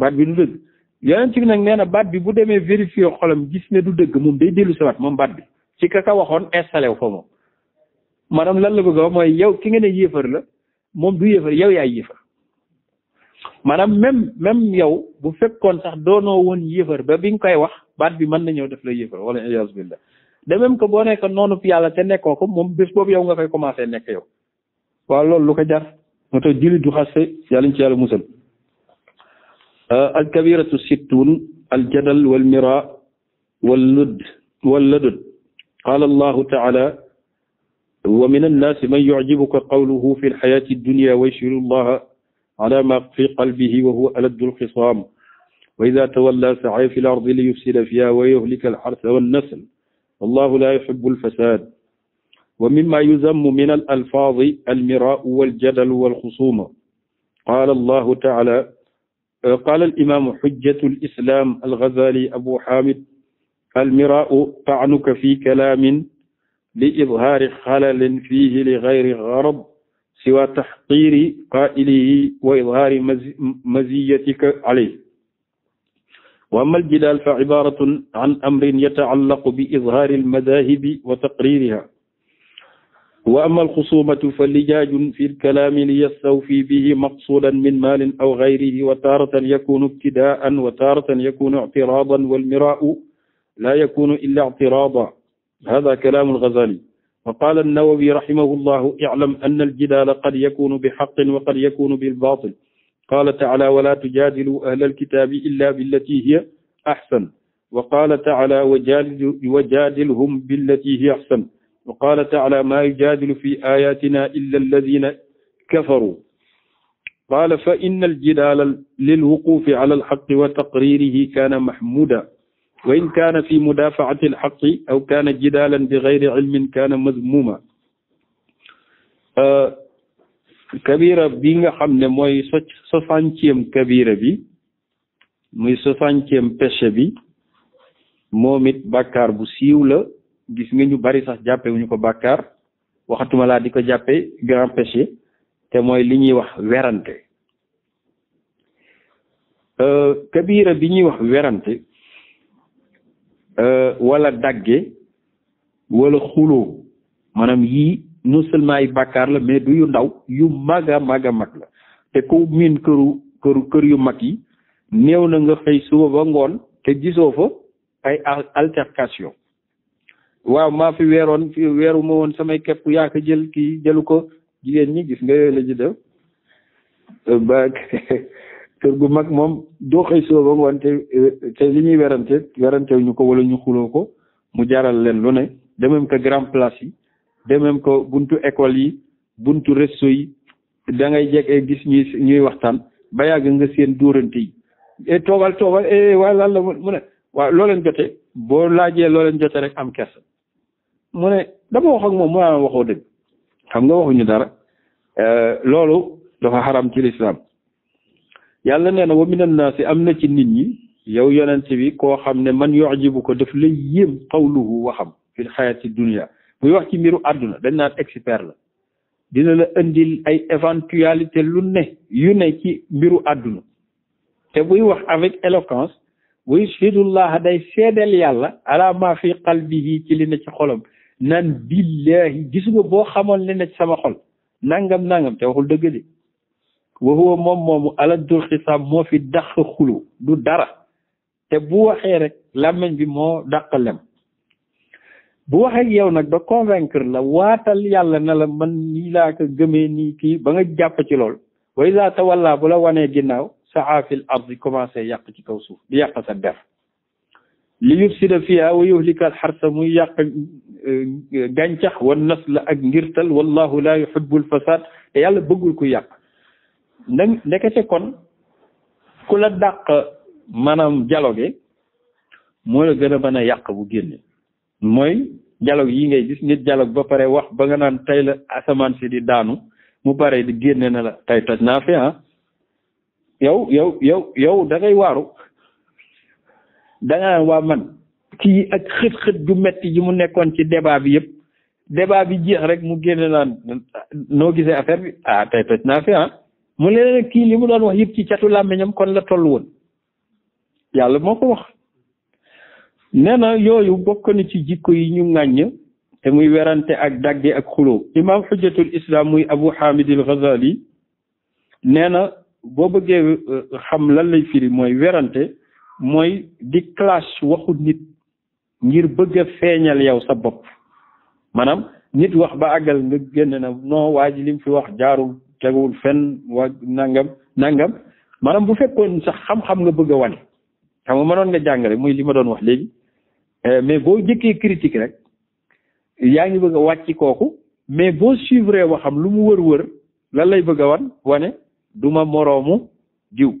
baat bi du dëgg yonent bi nag nee na baat bi bu demee vérifier xolam gis ne du dëgg moom day dellu si moom baat bi ci ka waxoon installé wu fa moom maanaam lan la bëgg a wax mooy yow ki nga ne yéefar la moom du yéefar yow yaay yéefar maanaam même même yow bu fekkoon sax doonoo woon yéefar ba bi nga koy wax baat bi mën na ñëw def la yéefar wala iyaazu billah de même que boo nekk noonu fi yàlla te nekkoo ko moom bés boobu yow nga koy commencé nekk yow waaw loolu lu ko jar moo tax jullit du xaste yàlla ñu ci yàlla musal alkabiratu sittun aljadal walmira wallud walladud qaala allahu taala wa min annaasi man yucjibuka qawluhu fi lxayaati dunya wa yashhadu allaha ala ma fi qalbihi wa huwa aladdu lxisaam wa ida tawalla sa'aa fi lardi li yufsida fiha wa yuhlika alxarsa wannasl wallahu la yuhibbu alfasad wa mimma yuzammu min alalfaadi almiraau waljadalu walxusuma qaala allahu taala Euh, qaala al-imaamu xujjatul islaam al-Ghazali Abu Hamid al-miraa'u ta'nuka fi kalaamin li izhaari xalalin fiihi li gayri garad siwaa taxqiiri qaa'ilihi wa izhaari maziyyatika alayhi wa ammaa al-jidaal fa cibaaratun can amrin yatacallaqa bi izhaari al-madaahibi wa taqriirihaa wa amma alxusumatu fa lijaajun fi lkalaami liyastawfi bihi maqsuudan min maalin aw gayrihi wa taaratan yakunu ibtidaan wa taaratan yakunu ictiraadan walmiraau laa yakunu illa ictiraada hada kalaamu algazali wa qaala annawawi rahimahu llahu iclam anna aljidaala qad yakunu bixaqin wa qad yakunu bilbaatil qaala taala wala tujaadilu ahla alkitaabi illa billati hiya axsan wa qaala taala wajaadilhum billati hiya axsan wa qaala taala maa yujaadilu fi ayatina illa alladina kafaru qaala fa inna aljidaala lilwuqufi ala alxaqi wa taqririhi kaana mahmuda wa in kaana fi mudaafacati alxaqi aw kaana jidaalan bi gayri cilmin kaana mazmuma kabira bi nga xam ne mooy soc soixantième kabira bi muy soixantième péché bi moom it bàkkaar bu siiw la gis nga ñu bari sax jàppe wuñu ko bàkkaar waxatuma laa di ko jàppe grand péché te mooy li ñuy wax werante euh, kabira bi ñuy wax werante euh, wala dagge walla xuloo maanaam yii non seulement ay bàkkaar la mais du yu ndaw yu mag a mag la te ku miin këru kër yu mag yi néew na nga xëy suba ba ngoon te gisoo fa ay altercation waaw maa fi weeroon fi weeru ma woon samay kepp yaa ko jël kii jëlu ko jigéen ñi gis nga yooyu la ji def kër gu mag moom doo xëy suba ba ngoon te li ñuy werante werante ñu ko wala ñu xuloo ko mu jaral leen lu ne de même que grand place yi de même buntu école yi buntu resto yi da ngay jeg gis ñuy ñuy waxtaan ba yàgg nga seen dóorante yi e toogal toogal e waaye lan la mu ne waaw loo leen jote boo laajee loo leen jote rek am kersa mu ne dama wax ak moom mu naan ah waxoo dëgg xam nga waxuñu dara euh, loolu dafa xaram ci lislaam yàlla nee na wa minan naasi am na ci nit ñi yow yonent bi koo xam ne man yujibu ko def la yéem xawluhu waxam fil xayati dunia muy wax ci mbiru àdduna dañ naan expert la dina la indil ay éventualité lu ne yu ne ci mbiru àdduna te buy wax avec éloquence buy sidullah day seedeel yàlla ala ma fi qalbihi ci li ne ci xolam naan billahi gis nga boo xamoon ne ne sama xol nangam nangam te waxul dëgg de wa huwa moom moomu aladul xisaab moo fi dàq xulu du dara te bu waxee rek làmmiñ bi moo dàq lem bu waxee yow nag ba convaincre la waatal yàlla na la man nii laa ko gëmee nii kii ba nga jàpp ci loolu wa iza tawalla bu la wanee ginnaaw saa fil ardi commencé yàq ci kaw suuf di yàq sa der li yufsida fiha wa yuhlika al xarsa muy yàq eh, gàncax wa la ak ngirtal wallahu la yuhibbul fasad te yàlla bëggul ku yàq nda ndekete kon ku la dàq maanaam dialogue moo la gën a ban a yàq bu génne mooy dialogue yi ngay gis nit dialogue ba pare wax ba nga naan tey la asamaan si di daanu mu pare di génne na la tey toj naa fi ah yow yow yow yow waaru da nga naan waa man kii ak xët-xët ju metti ji mu nekkoon ci débat bi yépp débat bi jeex rek mu génne naan noo gisee affaire bi ah tey toj naa fi ah mu leen kii li mu doon wax yëpp ci catu làmmiñam kon la tollu woon yàlla moo ko wax nee na yooyu bokk na ci jikko yi ñu ŋàññ te muy werante ak dagge ak xuloo imam xujjatul islam muy abu hamidil ghazali nee na boo bëggee euh, xam lan lay firi mooy werante mooy di clash waxu nit ngir bëgg a feeñal yow sa bopp maanaam nit wax ba àggal nga génn na non waa ji li fi wax jaarul teguwul fen waa nangam nangam maanaam bu fekkoon sax xam-xam nga bëgg a wane xam nga mënoon nga jàngale muy li ma doon wax léegi eh, mais boo jëkkee critique rek yaa ngi bëgg a wàcc kooku mais boo suivre waxam lu mu wër-wër lan lay bëgg a wan wane du ma moroomu diw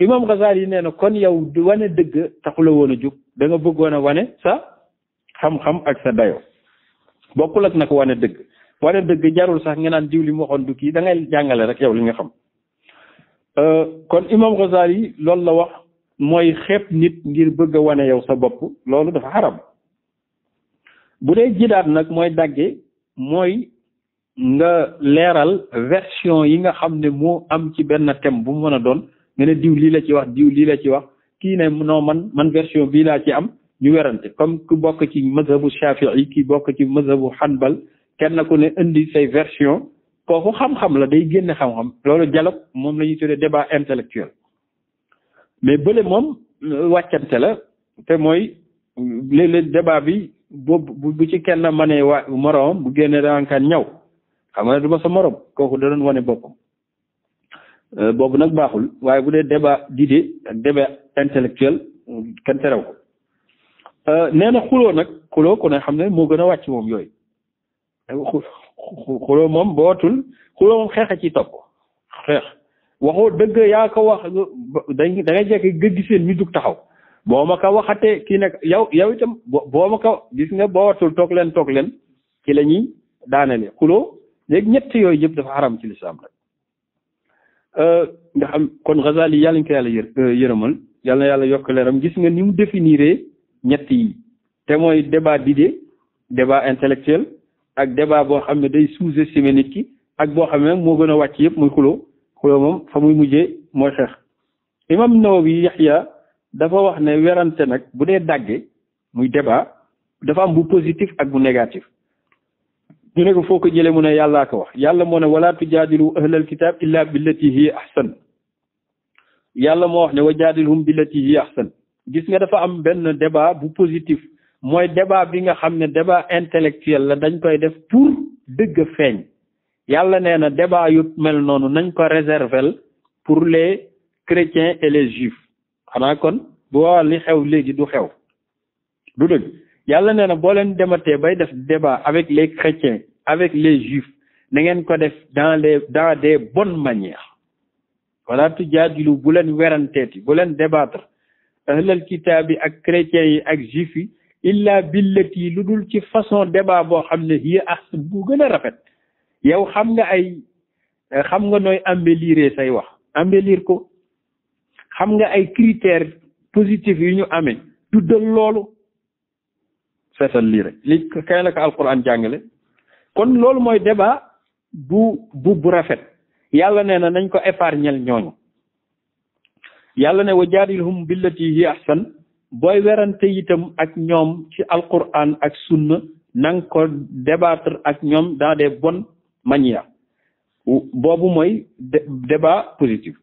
imam Ghazali nee na kon yow du wane dëgg taxula woon a jug da bëggoon a wane sa xam-xam ak sa dayo bokkul ak nag wane dëgg wane dëgg jarul sax nga naan diw li mu waxoon du kii dangay ngay jàngale rek yow li nga xam euh, kon imam Ghazali loolu la wax mooy xeeb nit ngir bëgg wane yow sa bopp loolu dafa xaram bu dee jidaat nag mooy dagge mooy nga leeral version yi nga xam ne moo am ci benn thème bu mu mën a doon nga ne diw lii la ci wax diw lii la ci wax kii ne non man man version bii laa ci am ñu werante comme ku bokk ci mazhabu Shafi'i kii bokk ci mazhabu Hanbal kenn ku ne indi say version kooku xam-xam la day génne xam-xam loolu dialogue moom la ñuy tuddee débat intellectuel mais bële moom euh, wàccante la te mooy léeg-léeg bi boobu bu ci kenn mënee wa moroom bu génne daan kan ñaw xam nga ne du ma sa morom kooku da doon wane boppam Euh, boobu nag baaxul waaye bu dee débat d'idée ak débat intellectuel kenn terew ko euh, nee na xuloo nag xuloo ku ne xam ne moo gën a wàcc moom yooyu euh, xuloo moom bootul xuloo moom xeex a ciy topp xeex waxoo dëgg yaa ko wax dañ da ngay jekk gëggi seen mi dug taxaw boo ma ko waxatee kii nag yow yow itam boo ma gis nga boo toog leen toog leen ci la ñuy daanale xulo léegi ñett yooyu yëpp dafa xaram ci lislaam nag Euh, nga xam kon Ghazali yàlla ñu ko yàlla euh, yërëmal yàlla yàlla yokk leeram gis nga ni mu définiré ñett yi te mooy débat d'idée débat intellectuel ak débat boo xam ne day sous-estimer nit ki ak boo xam ne moo gën a wàcc yëpp muy xuloo xuloo moom fa muy mujjee mooy xeex imam Nawawi Yaxya dafa wax ne werante nag bu dee dàgge muy débat dafa am bu positif ak bu négatif ñu ne ko foo ko jëlee mu ne yàllaa ko wax yàlla moo ne wala tujaadilu ahlal kitaab illa billati hiya ahsan yàlla moo wax ne wa jaadilhum billati hiya ahsan gis nga dafa am benn débat bu positif mooy débat bi nga xam ne débat intellectuel la dañ koy def pour dëgg feeñ yàlla nee na débat yu mel noonu nañ ko réservel pour les chrétiens et les juifs xanaa kon bu li xew léegi du xew du dëgg yàlla nee na boo leen dematee bay def débat avec les chrétiens avec les juifs na ngeen ko def dans les dans des bonnes manières wala tujaadilu bu leen weranteeti bu débatre débattre ahlal kitaab yi ak chrétiens yi ak juifs yi illa billati yi lu dul ci façon débat boo xam ne yi ah boo gën a rafet yow xam nga ay xam nga nooy embellir say wax embellir ko xam nga ay critères positifs yu ñu amee tuddal loolu seetal lii rek lii kay la ko alquran jàngale kon loolu mooy deba bu bu rafet yàlla nee na nañ ko épargnel ñooñu yàlla ne wa jaadilhum billati hi ahsan booy werante itam ak ñoom ci alquran ak sunna nang ko débattre ak ñoom dans des bonnes manières boobu moy débat positif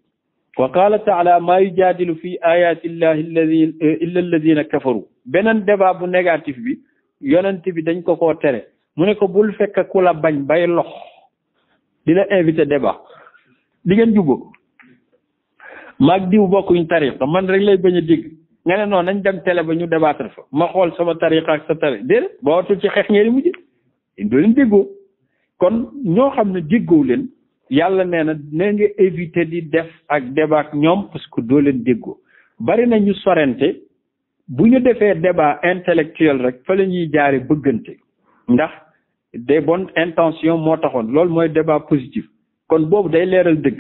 wa qaala taala maa yujaadilu fi ayati illahi alladi illa alladina kafaru beneen débat bu négatif bi yonent bi dañ ko koo tere mu ne ko bul fekk ku la bañ bay lox di la invité débat di ngeen jubbo maag diw bokkuñu tariqa man rek lay bañ a dégg nga ne noonu nañ dem télé ba ñu débattre fa ma xool sama tariqa ak sa tariqa déedéet boo watul ci xeex ngeen di mujj doo leen déggoo kon ñoo xam ne déggoo leen yàlla nee na nee nga éviter di def ak débat ñoom parce que doo leen déggoo bari na ñu sorente bu ñu defee débat intellectuel rek fa la ñuy jaare bëggante ndax des bonnes intentions moo taxoon loolu mooy débat positif kon boobu day leeral dëgg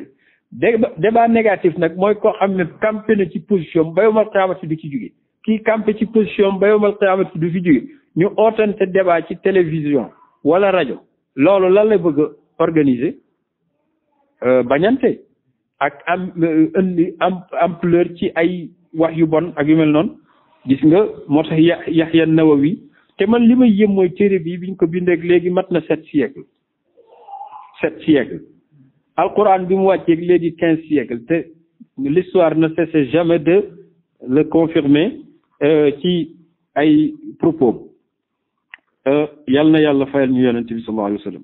débat négatif nag mooy koo xam ne campé na ci position ba yawmal qiyaamati du ci jóge kii campé ci position ba yawmal qiyaamati du fi jóge ñu ootante débat ci télévision wala rajo loolu lan la bëgg a organiser euh, bañante ak am euh, indi am ampleur ci ay wax yu bon ak yu mel noonu gis nga moo tax Yaxya Nawawi te man li may yëm mooy téere bi biñ ko bindeek léegi mat na sept siècle sept siècle alquran bi mu wàcceeg léegi quinze siècle te l'histoire ne cesse jamais de le confirmer euh, ci ay propos euh, yal na yàlla fayal ñu yonente bi sallallahu alayhi wa sallam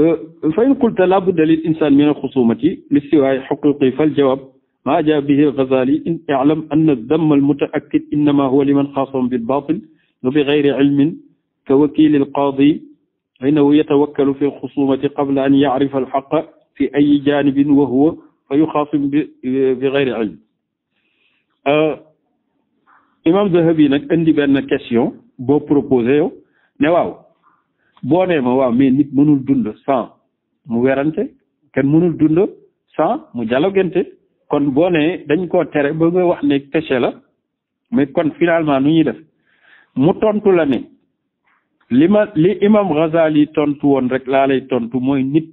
euh, fa in qulta la budda lil insan min alxusumati listiwaay xuquqi fal jawab maa jaa bihi al-Ghazali in i'lam anna ad-damm al-muta'akkid innama huwa liman xaasahum bil-baatil wa bi ghayri ilmin ka wakiil al-qaadi fa innahu yatawakkalu fi al-xusuumati qabla an ya'rifa al-haqqa fi ayyi jaanibin wa huwa fa yuxaasim bi bi ghayri ilm Imam Zahabi nag indi benn question boo proposé yow ne waaw boo nee ma waaw mais nit mënul dund sans mu werante kenn mënul dund sans mu dialogante kon boo nee dañ ko tere ba nga wax ne péché la mais kon finalement nu ñuy def mu tontu la ne li ma li imam Ghazali tontu woon rek laa lay tontu mooy nit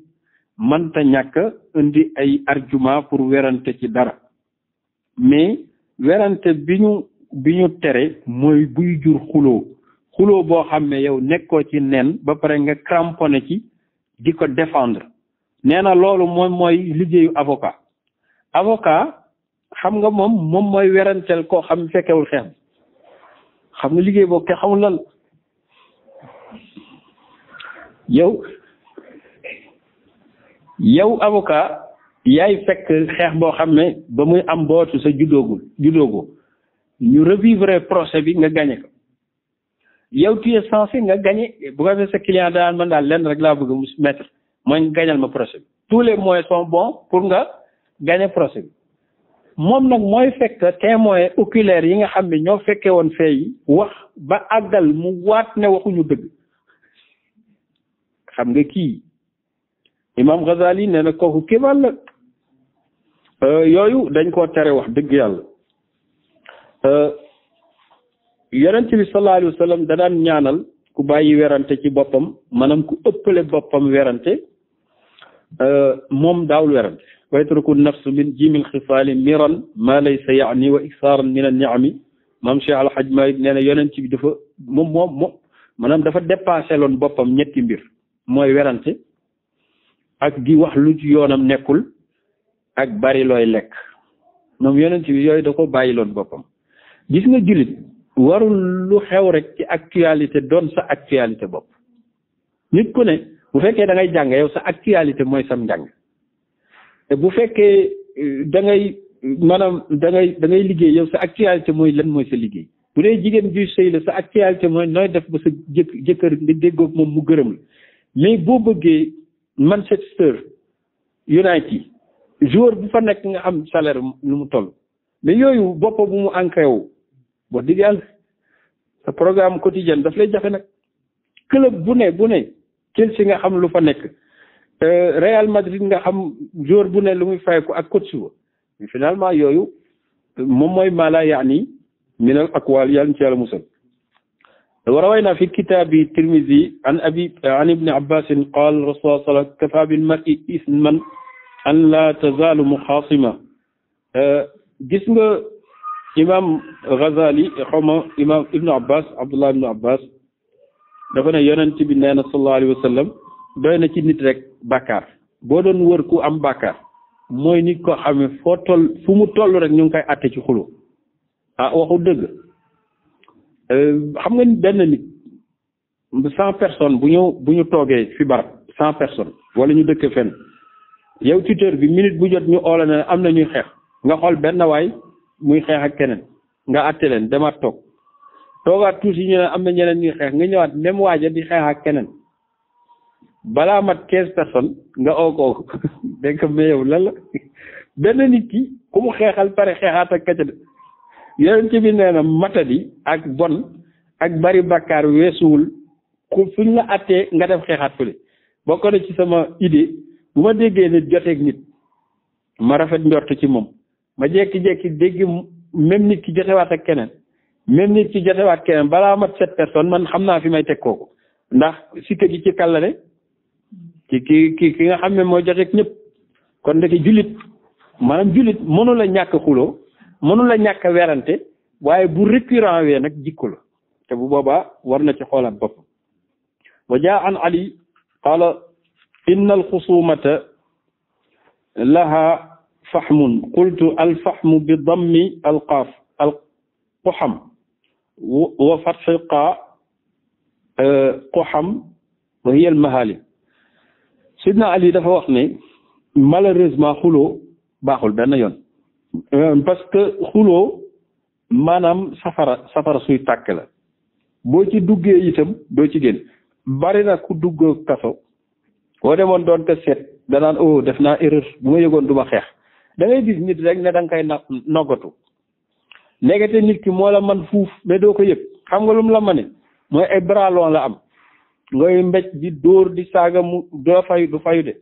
mënta ñàkk indi ay argument pour werante ci dara mais werante bi ñu bi ñu tere mooy buy jur xuloo xuloo boo xam ne yow nekkoo ci nen ba pare nga cramponné ci di ko défendre nee loolu moom mooy liggéeyu avocat avocat xam nga moom moom mooy werantel koo xam fekkewul xeex xam nga liggéey boobu kenn xamul lan yow yow avocat yaay fekk xeex boo xam ne ba muy am bootu sa juddoogul juddoogoo ñu revivre procès bi nga gañe ko yow tu es censé nga gañe bu ko defee sa client daan man daal lenn rek laa bëgg mu mettre mooy nga gañal ma procès bi tous les moyens sont bons pour nga gagné procès bi moom nag mooy fekk témoin oculaire yi nga xam ne ñoo fekkee woon fee yi wax ba àggal mu waat ne waxuñu dëgg xam nga kii imam Ghazali nee na kooku kibal la euh, yooyu dañ koo tere wax dëgg yàlla euh, yonent bi sallallahu alayhi da daan ñaanal ku bàyyi werante ci boppam maanaam ku ëppale boppam werante euh, moom daawul werante wa yatruku nafsu min jimil xisaali miran maa laysa yaani mi iksaaran min anniami maam Cheikh Al Hadj Malick nee na yonent bi dafa moom moom moom maanaam dafa dépassé loon boppam ñetti mbir mooy werante ak di wax lu ci yoonam nekkul ak bari looy moom yonent bi da ko bàyyi boppam gis nga jullit warul lu xew rek ci actualité doon sa actualité bopp nit ku ne bu fekkee da ngay jàng yow sa actualité mooy sam njàng te bu fekkee euh, da ngay maanaam da ngay da ngay liggéey yow sa actualité mooy lan mooy sa liggéey bu dee jigéen juy sëy la sa actualité mooy nooy def ba sa jëkk jëkkër nga déggoog moom mu gërëm la mais boo bëggee Manchester United joueur bu fa nekk nga am salaire lu mu toll mais yooyu bopp bu mu ancré wu wax dëgg sa programme quotidien daf lay jafe nag club bu ne bu ne Chelsea nga xam lu fa nekk Euh, Real Madrid nga xam jour bu ne lu muy fay ko ak coach ba finalement yooyu moom mooy mala yaani minal aqwaal yàlla ñu ci yàlla musal wa rawaynaa fi kitaabi Tirmizi an abi an ibni abbasin qaal rasul sala kafa bil mar'i isman an la tazaalu muxaasima euh, gis nga imam Ghazali xawma imam ibnu abbas abdullah ibnu abbas dafa ne yonent bi nee na sallallahu alayhi wa sallam doy na ci nit rek bàkkaar boo doon wër ku am bàkkaar mooy nit koo xam foo toll fu mu toll rek ñu ngi koy àtte ci xulu ah waxu dëgg euh, xam nga benn nit cent personne bu ñëw bu ñu toogee fi barab cent personnes wala ñu dëkk fenn yow tuteur bi minute bu jot ñu oola ne am na ñuy xeex nga xool benn waay muy xeex ak keneen nga àtte leen demaat toog toogaat tuuti ñu ne am na ñeneen ñuy xeex nga ñëwaat même waaja di xeex ak keneen balaa mat quinze personnes nga oo kooku dégg nga mais yow benn nit ki ku mu xeexal pare xeexaat ak kacca de yonent bi nee na matadi ak bon ak bari bakkaar weesuwul ku fuñ la attee nga def xeexaat fële bokk na ci sama idée bu ma déggee nit joteeg nit ma rafet njort ci moom ma jekki-jekki dégg même nit ki jotewaat ak keneen même nit ki jotewaat keneen balaa mat sept personnes man xam naa fi may teg kooku ndax sikka gi ci kàllale ki ki ki nga xam ne mooy joteeg ñëpp kon ndeke jullit maanaam jullit mënu la ñàkk xuloo mënu la ñàkk werante waaye bu récurrent wee nag jikko la te bu boobaa war na ci xoolaat bopp wa jaa an ali qaala inna alxusumata laha faxmun qultu alfaxmu bi dammi alqaaf alquxam wa fatxi euh, qaa quxam wa hiya almahalim Sidna Ali dafa wax ne malheureusement xuloo baaxul benn yoon euh, parce que xuloo maanaam safara safara suy tàkk la boo ci duggee itam doo ci génn bari na ku dugg kaso boo demoon doon ko seet danaan oh def naa erreur bu ma yëgoon du ma xeex da ngay gis nit rek ne da nga koy na noggatu nekkete nit ki moo la man fuuf mais doo ko yëg xam nga lu mu la mane mooy ay bralon la am ngay mbéj di dóor di saaga mu doo fayu du fayu de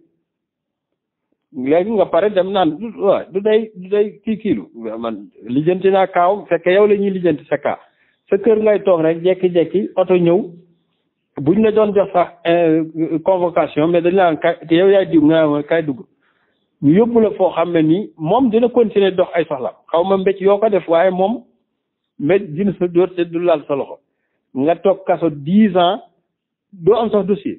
léegi nga pare dem naan waaw du day du day kii lijjanti naa kaawam fekk yow lañuy ñuy lijjanti sa kaa sa kër ngay toog rek jekki-jekki oto ñëw buñ la doon jox sax eh, convocation mais dañ laa kay te yow yaay diw nga kay dugg ñu yóbbu la foo xam ne nii moom dina continuer dox ay soxla xaw ma mbécc yoo ko def waaye moom mbécc dina sa dóor te du laal sa loxo nga toog kaso dix doo am sax dossier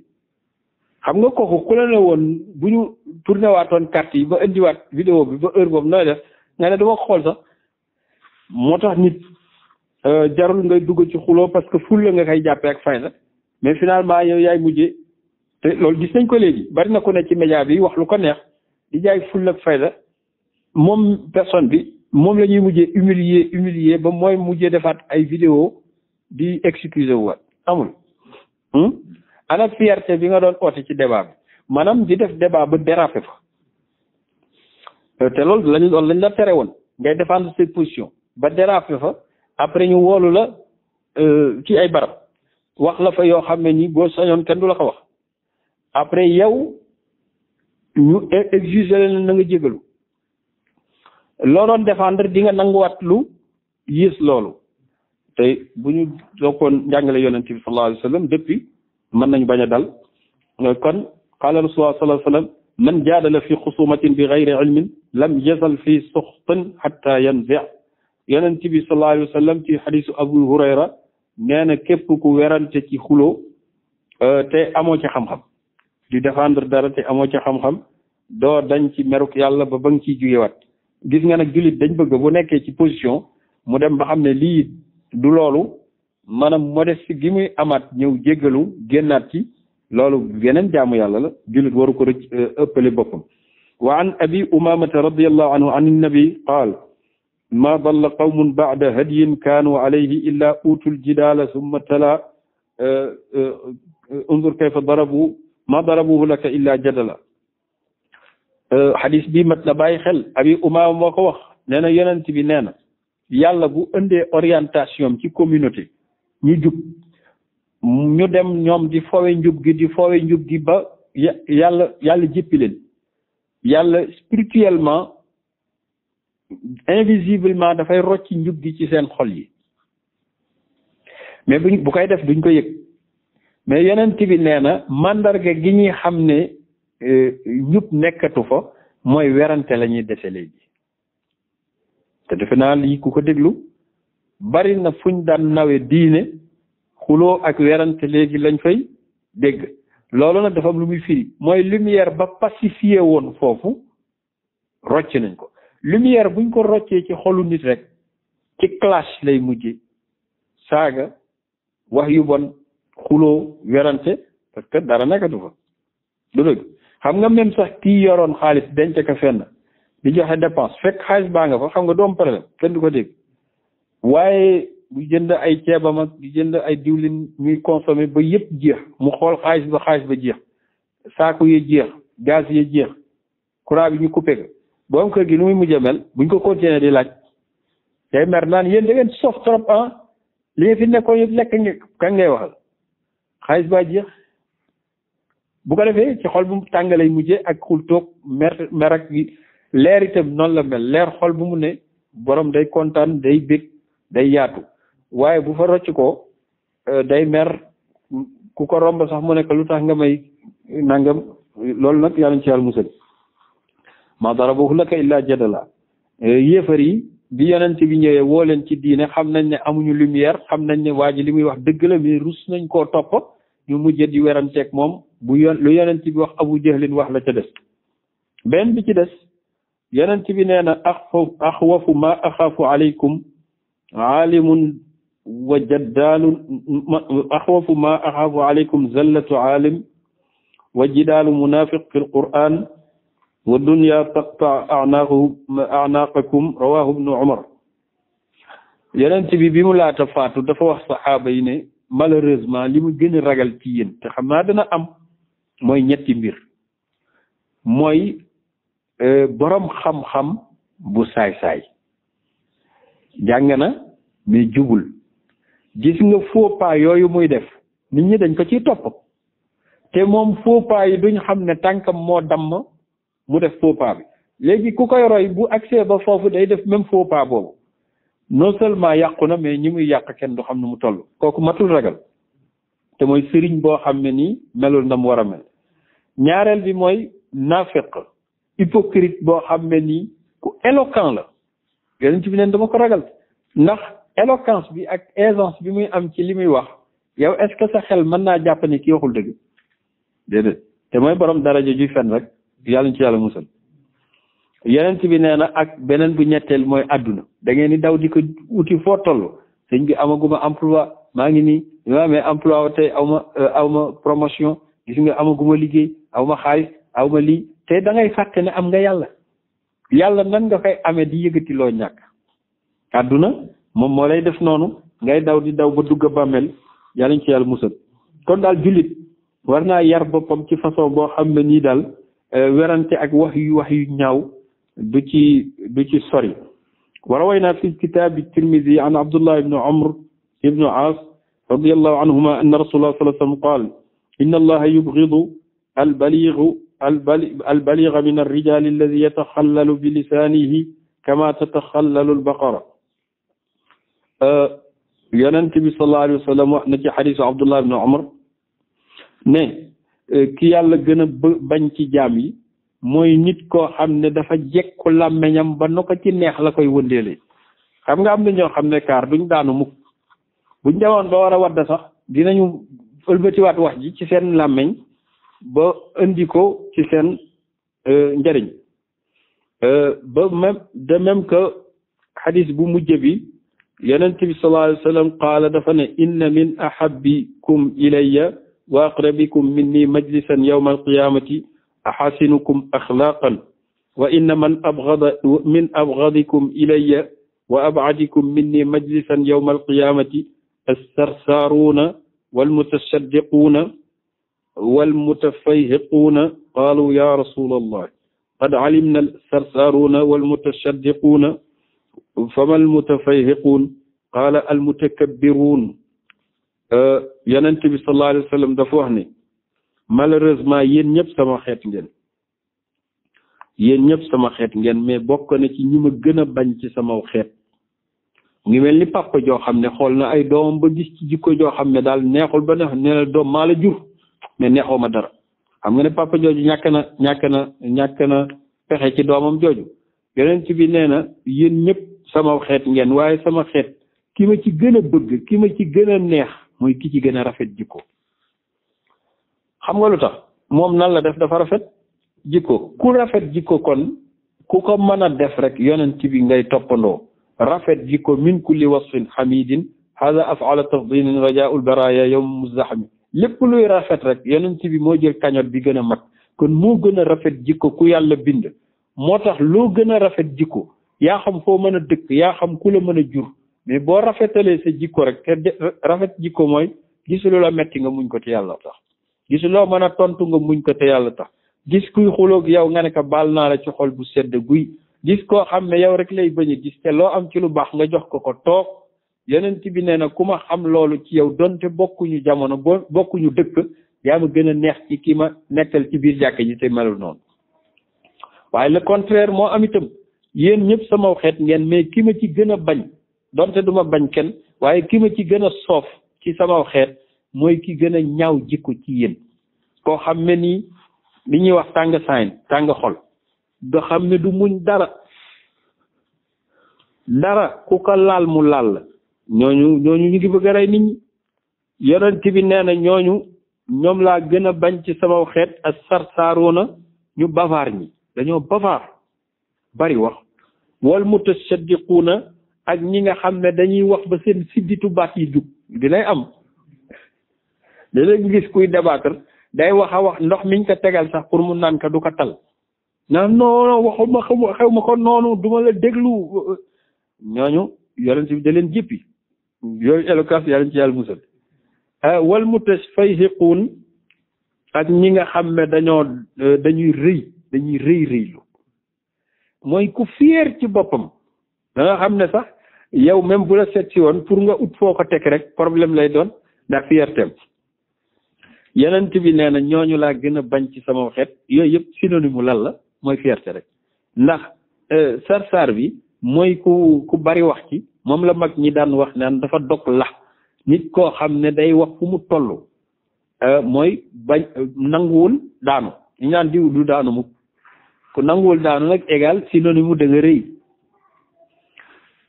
xam nga kooku ku la ne woon bu ñu tourné waatoon carte yi ba indiwaat vidéo bi ba heure boobu nooy def nga ne dama xool sax moo tax nit euh, jarul ngay dugg ci xuloo parce que ful la nga koy jàppee ak fayda mais finalement yow yaay mujjee te loolu gis nañ ko léegi bari na ku ne ci média bi wax lu ko neex di jaay ful ak fayda moom personne bi moom la ñuy mujjee humilier humilier ba mooy mujjee defaat ay vidéo di excuser waat amul. hum ana fierté bi nga doon oote ci débat bi maanaam di def débat ba dérapé fa euh, te loolu lañ loolu lañ la tere woon ngay défendre ses positions ba dérapé fa après ñu woolu la euh, ci ay barab wax la fa yoo xam ne ni boo sañoon kenn du la ko wax après yow ñu e-, exiger leen na nga jégalu loo doon défendre di nga nanguwaat lu yiis loolu te bu ñu dokkoon njàngale yonente bi sallallahu alayhi wa sallam depuis mën nañu bañ a dal euh, kon qaala rasulullah sallallahu alayhi wa sallam man jaadala fi xusumatin bi gayri ilmin lam yazal fi suxtin xatta yanzi yonent bi sallallahu alayhi wa sallam ci xadisu abu hurayra nee na képp ku werante ci xuloo euh, te amoo ci xam-xam di défendre dara te amoo ci xam-xam doo dañ ci meruk yàlla ba ba nga ciy gis nga nag jullit dañ bëgg bu nekkee ci position mu dem ba xam ne lii du loolu maanaam modeste gi muy amaat ñëw jéggalu génnaat ci loolu geneen jaamu yàlla la jullit waru ko rëcc euh, ëppale boppam wa an abi umamata radiallahu anhu an nabi qaal ma dalla qawmun ba'da hadyin kaanu alayhi illa utul jidaala summa tala euh, euh, unzur kayfa darabu ma darabuhu laka illa jadala xadis bi mat na bàyyi xel abi umaama moo ko wax nee na yonent bi nee na yàlla bu indee orientation ci communauté ñu jub ñu dem ñoom di foowee njub gi di foowee njub gi ba yàlla yàlla jëppi yàlla spirituellement invisiblement dafay rocci njub gi ci seen xol yi mais buñ bu koy def duñ ko yëg mais yonent bi nee na mandarga gi ñuy xam ne euh, njub nekkatu fa mooy werante la ñuy dese léegi te defe naa lii ku ko déglu bari na fuñ daan nawe diine xuloo ak werante léegi lañ fay dégg loolu nag dafa am lu muy firi mooy lumière ba pacifié woon foofu rocc nañ ko lumière buñ ko roccee ci xolu nit rek ci clash lay mujje saaga wax yu bon xuloo werante parce que dara nekkatu fa du dëgg xam nga même sax kii yoroon xaalis denc ko fenn di joxe dépense fekk xaalis baa nga fa xam nga doom problème kenn du ko dégg waaye bu jënd ay ceebam ak di jënd ay diwlin ñuy consommer ba yépp jeex mu xool xaalis ba ba jeex saako yi jeex gaz yi jeex courant bi ñu coupé ko boom kër gi nu muy mujjee mel buñ ko continuer di laaj day mer naan yéen da ngeen sof trop ah li ngeen fi nekk ka lekk nga waxal xaalis baa jeex bu ko defee ci xol bu tàngalee mujjee ak xul toog gi leer itam noonu la mel leer xol bu mu ne borom day kontaan day bég day yaatu waaye bu fa rocc ko euh, day mer ku ko romb sax mu nekk lu tax nga may nangam loolu nag yàlla ci yàlla musal ma darabahu laka illa jadala euh, yéefar yi bi yonent bi ñëwee woo leen ci diine xam nañ ne amuñu lumière xam nañ ne waa ji li muy wax dëgg la mais rus nañ koo topp ñu mujjee di weranteeg moom bu yon lu yonent bi wax abu jahlin wax la ca des benn bi ci des yonent bi nee na axfa axwafu ma axaafu aleykum aalimun wa jaddaalun axwafu ma axaafu aleykum zallatu aalim wa jidaalu munaafiq fi lqur'an wa dunya taqta anaaqu anaaqakum rawahu ibnu umar yonent bi bi mu laata faatu dafa wax saxaaba yi ne malheureusement li mu gën a ragal ci yéen te xam naa dana am mooy ñetti mbir mooy Euh, borom xam-xam bu saay-saay jàng na mais jubul gis nga faux yooyu muy def nit ñi dañ ko ciy topp te moom faux pas yi duñ xam ne tànkam moo damm mu def faux bi léegi ku koy roy bu agse ba foofu day def même faux boobu non seulement yàqu na mais ñi muy yàq kenn du xam ne mu toll kooku matul ragal te mooy sëriñ boo xam ne nii melul na mu war a mel ñaareel bi mooy nafiq hypocrite boo xam ne nii ku éloquent la yonent bi neen dama ko ragal ndax éloquence bi ak aisance bi muy am ci li muy wax yow est sa xel mën naa jàpp ni ki waxul dëgg déedéet te mooy borom daraja juy fen rek yàlla ñu ci yàlla musal yonent bi nee na ak beneen bu ñetteel mooy àdduna da ngeen di daw di ko wuti foo toll sëñ bi amaguma emploi maa ngi nii bi amee emploi te aw ma euh, aw ma promotion gis nga amaguma liggéey awma ma xaalis aw ma lii te da ngay fàtte ne am nga yàlla yàlla nan nga koy amee di yëgati ñàkk àdduna moom moo lay def noonu ngay daw di daw ba dugg a bàmmeel yàlla ñu ci yàlla kon daal jullit war naa yar boppam ci façon boo xam ne nii daal euh, werante ak wax yu wax yu ñaaw du ci du ci sori وروينا في الكتاب الترمذي عن عبد الله بن عمر بن عاص رضي الله عنهما أن رسول الله صلى الله عليه وسلم قال إن الله يبغض albali albaliga min alrijal alladi yataxallalu bi lisaanihi kama tataxallalu albaqara euh, yonent bi sallallahu alayhi wa sallam wax na ci xadisu abdullah ibn umar euh, yàlla gën a bañ ci jaam yi mooy nit koo xam ne dafa jekku làmmeñam ba nu ci neex la koy wëndeele xam nga am na ñoo xam ne kaar duñ daanu mukk buñ demoon ba war a wadda sax dinañu ëlbatiwaat wax ji ci seen làmmeñ ba indi ko ci seen euh, njariñ euh, ba même de même que xadis bu mujj bi yonent bi sallallahu alayhi wasallam qaala dafa ne inna min ahabbikum ilayya wa aqrabikum minni majlisan yawma alqiyamati ahasinukum axlaaqan wa inna man abgada min abgadikum ilayya wa abcadikum minni majlisan yawma alqiyamati assarsaaruuna walmutashaddiquuna wal mutafayhiquuna qaalu ya rasulallah qad alimna sarsaaruuna wal mutashaddiquuna fama al mutafayhiquun qaala al mutakabbiruun yonent bi sallallahu alayhi wa sallam dafa wax ni malheureusement yéen ñëpp sama xeet ngeen yéen ñëpp sama xeet ngeen mais bokk na ci ñi ma gën a bañ ci sama xeet ngi mel ni papa joo xam ne xool na ay doomam ba gis ci jikko joo ne daal neexul ba neex nee doom maa la jur mais neexoo ma dara xam nga ne papa jooju ñàkk na ñàkk na ñàkk na pexe ci doomam jooju yeneen ci bi nee na yéen ñëpp sama xeet ngeen waaye sama xeet kii ma ci gën a bëgg ki ma ci gën a neex mooy kii ci gën a rafet jikko xam nga lu tax moom nan la def dafa rafet jikko ku rafet jikko kon ku ko mën a def rek yonent bi ngay toppandoo rafet jikko min kulli wasfin xamidin hada afala tafdilin rajaul baraya yowm muzdahami lépp luy rafet rek yonent bi moo jël kañot bi gën a mag kon moo gën a rafet jikko ku yàlla bind moo tax loo gën a rafet jikko yaa xam foo mën a dëkk yaa xam ku la mën a jur mais boo rafetalee sa jikko rek te rafet jikko mooy gisuloo la metti nga muñ ko te yàlla tax mën a tontu nga muñ ko te yàlla tax gis kuy xuloog yow nga ne ko baal naa la ci xol bu sedd guy gis koo xam ne yow rek lay bañ a gis te loo am ci lu baax nga jox ko ko toog yeneen bi nee na ku ma xam loolu ci yow donte bokkuñu jamono bo bokkuñu dëkk yaa ma gën a neex ci ki ma nekkal ci biir jàkk ji te melul noonu waaye le contraire moo am itam yéen ñëpp sama xeet ngeen mais ki ma ci gën a bañ donte duma bañ kenn waaye ki ma ci gën a soof ki sama xeet mooy ki gën a ñaaw jikko ci yéen koo xam ne nii li ñuy wax tàng saayin tàng xol nga xam ne du muñ dara dara ku ko laal mu laal la ñooñu ñooñu ñu ngi bëgg a rey nit ñi bi nee na ñooñu ñoom laa gën a bañ ci sama xeet ak sarsaaroona ñu bafaar ñi dañoo bafaar bari wax wal mutasaddiquuna ak ñi nga xam ne dañuy wax ba seen sidditu baat yi jug dinay am léeg gis kuy débattre day wax a wax ndox miñ ko tegal sax pour mu naan ka du ko tal naan non waxuma xew ma ko noonu duma la déglu ñooñu yonent bi da leen jëppi yooyu éloquence yàlla ñu ci yàlla musal ah, wal mutafayhiquun ak ñi nga xam ne dañoo euh, dañuy rëy dañuy rëy rëylu mooy ku fier ci boppam da nga xam ne sax yow même bu la seet si woon pour nga ut foo ko teg rek problème lay doon ndax fiertem yenent bi nee na ñooñu laa gën a bañ ci sama xeet yooyu yëpp synonyme lan la mooy fierté rek ndax euh, sar bi mooy ku ku bari wax ci moom la mag ñi daan wax naan dafa dog la nit koo xam ne day wax fu mu tollu euh, mooy bañ nanguwul daanu ñu naan diw du daanu mu ku nanguwul daanu nag égal synonyme mu nga rëy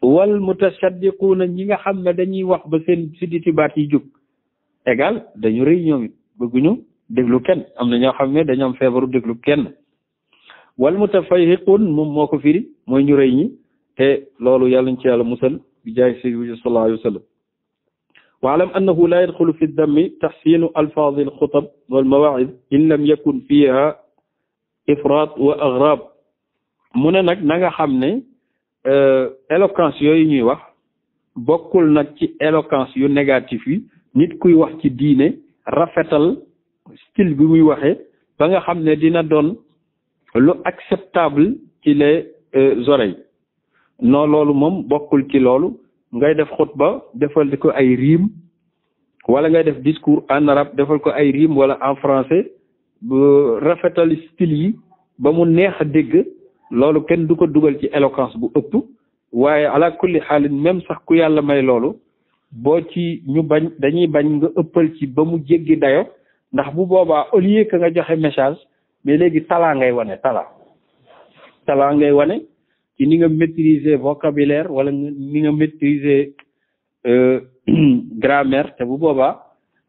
wal mutashaddiquuna ñi nga xam ne dañuy wax ba seen sidditi baat yi jóg égal dañu rëy ñoom it bëgguñu déglu kenn am na ñoo xam ne dañoom am feebaru déglu kenn wal mutafahiquun moom moo ko firi mooy ñu rëy ñi te loolu yàlla ñu ci yàlla musal bi jaay sayyidina sallallahu alayhi wa sallam waalam annahu laa yadxulu fi dammi taxsiinu alfaadi alxutab wal mawaid in lam yakun fiha ifraat wa agrab mu ne nag nanga xam ne euh, éloquence yooyu ñuy wax bokkul nag ci éloquence yu négatif yi nit kuy wax ci diine rafetal style bi muy waxee ba nga xam ne dina doon lu acceptable ci les euh, oreilles non loolu moom bokkul ci loolu ngay def ba defal ko ay riim wala ngay def discours en arabe defal ko ay riim wala en français bu rafetal style yi ba mu neex a dégg loolu kenn du ko dugal ci éloquence bu ëpp waaye ala xaalin même sax ku yàlla may loolu boo ci ñu bañ dañuy bañ nga ëppal ci ba mu jéggi dayo ndax bu boobaa au lieu que nga joxe message mais léegi talaa ngay wane talaa talaa ngay wane ci ni nga maîtriser vocabulaire wala ni nga maîtriser euh, grammaire te bu boobaa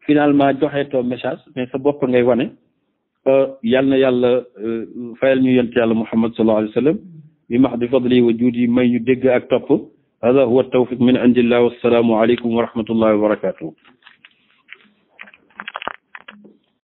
finalement joxeetoo message mais sa bopp ngay wane euh, yal na yàlla euh, fayal ñu yent yàlla muhammad sallallahu alayhi wa sallam bi max di fadli wa juudi may ñu dégg ak topp hada huwa tawfiq min indillah wassalaamu aleykum wa rahmatullahi wa barakatuh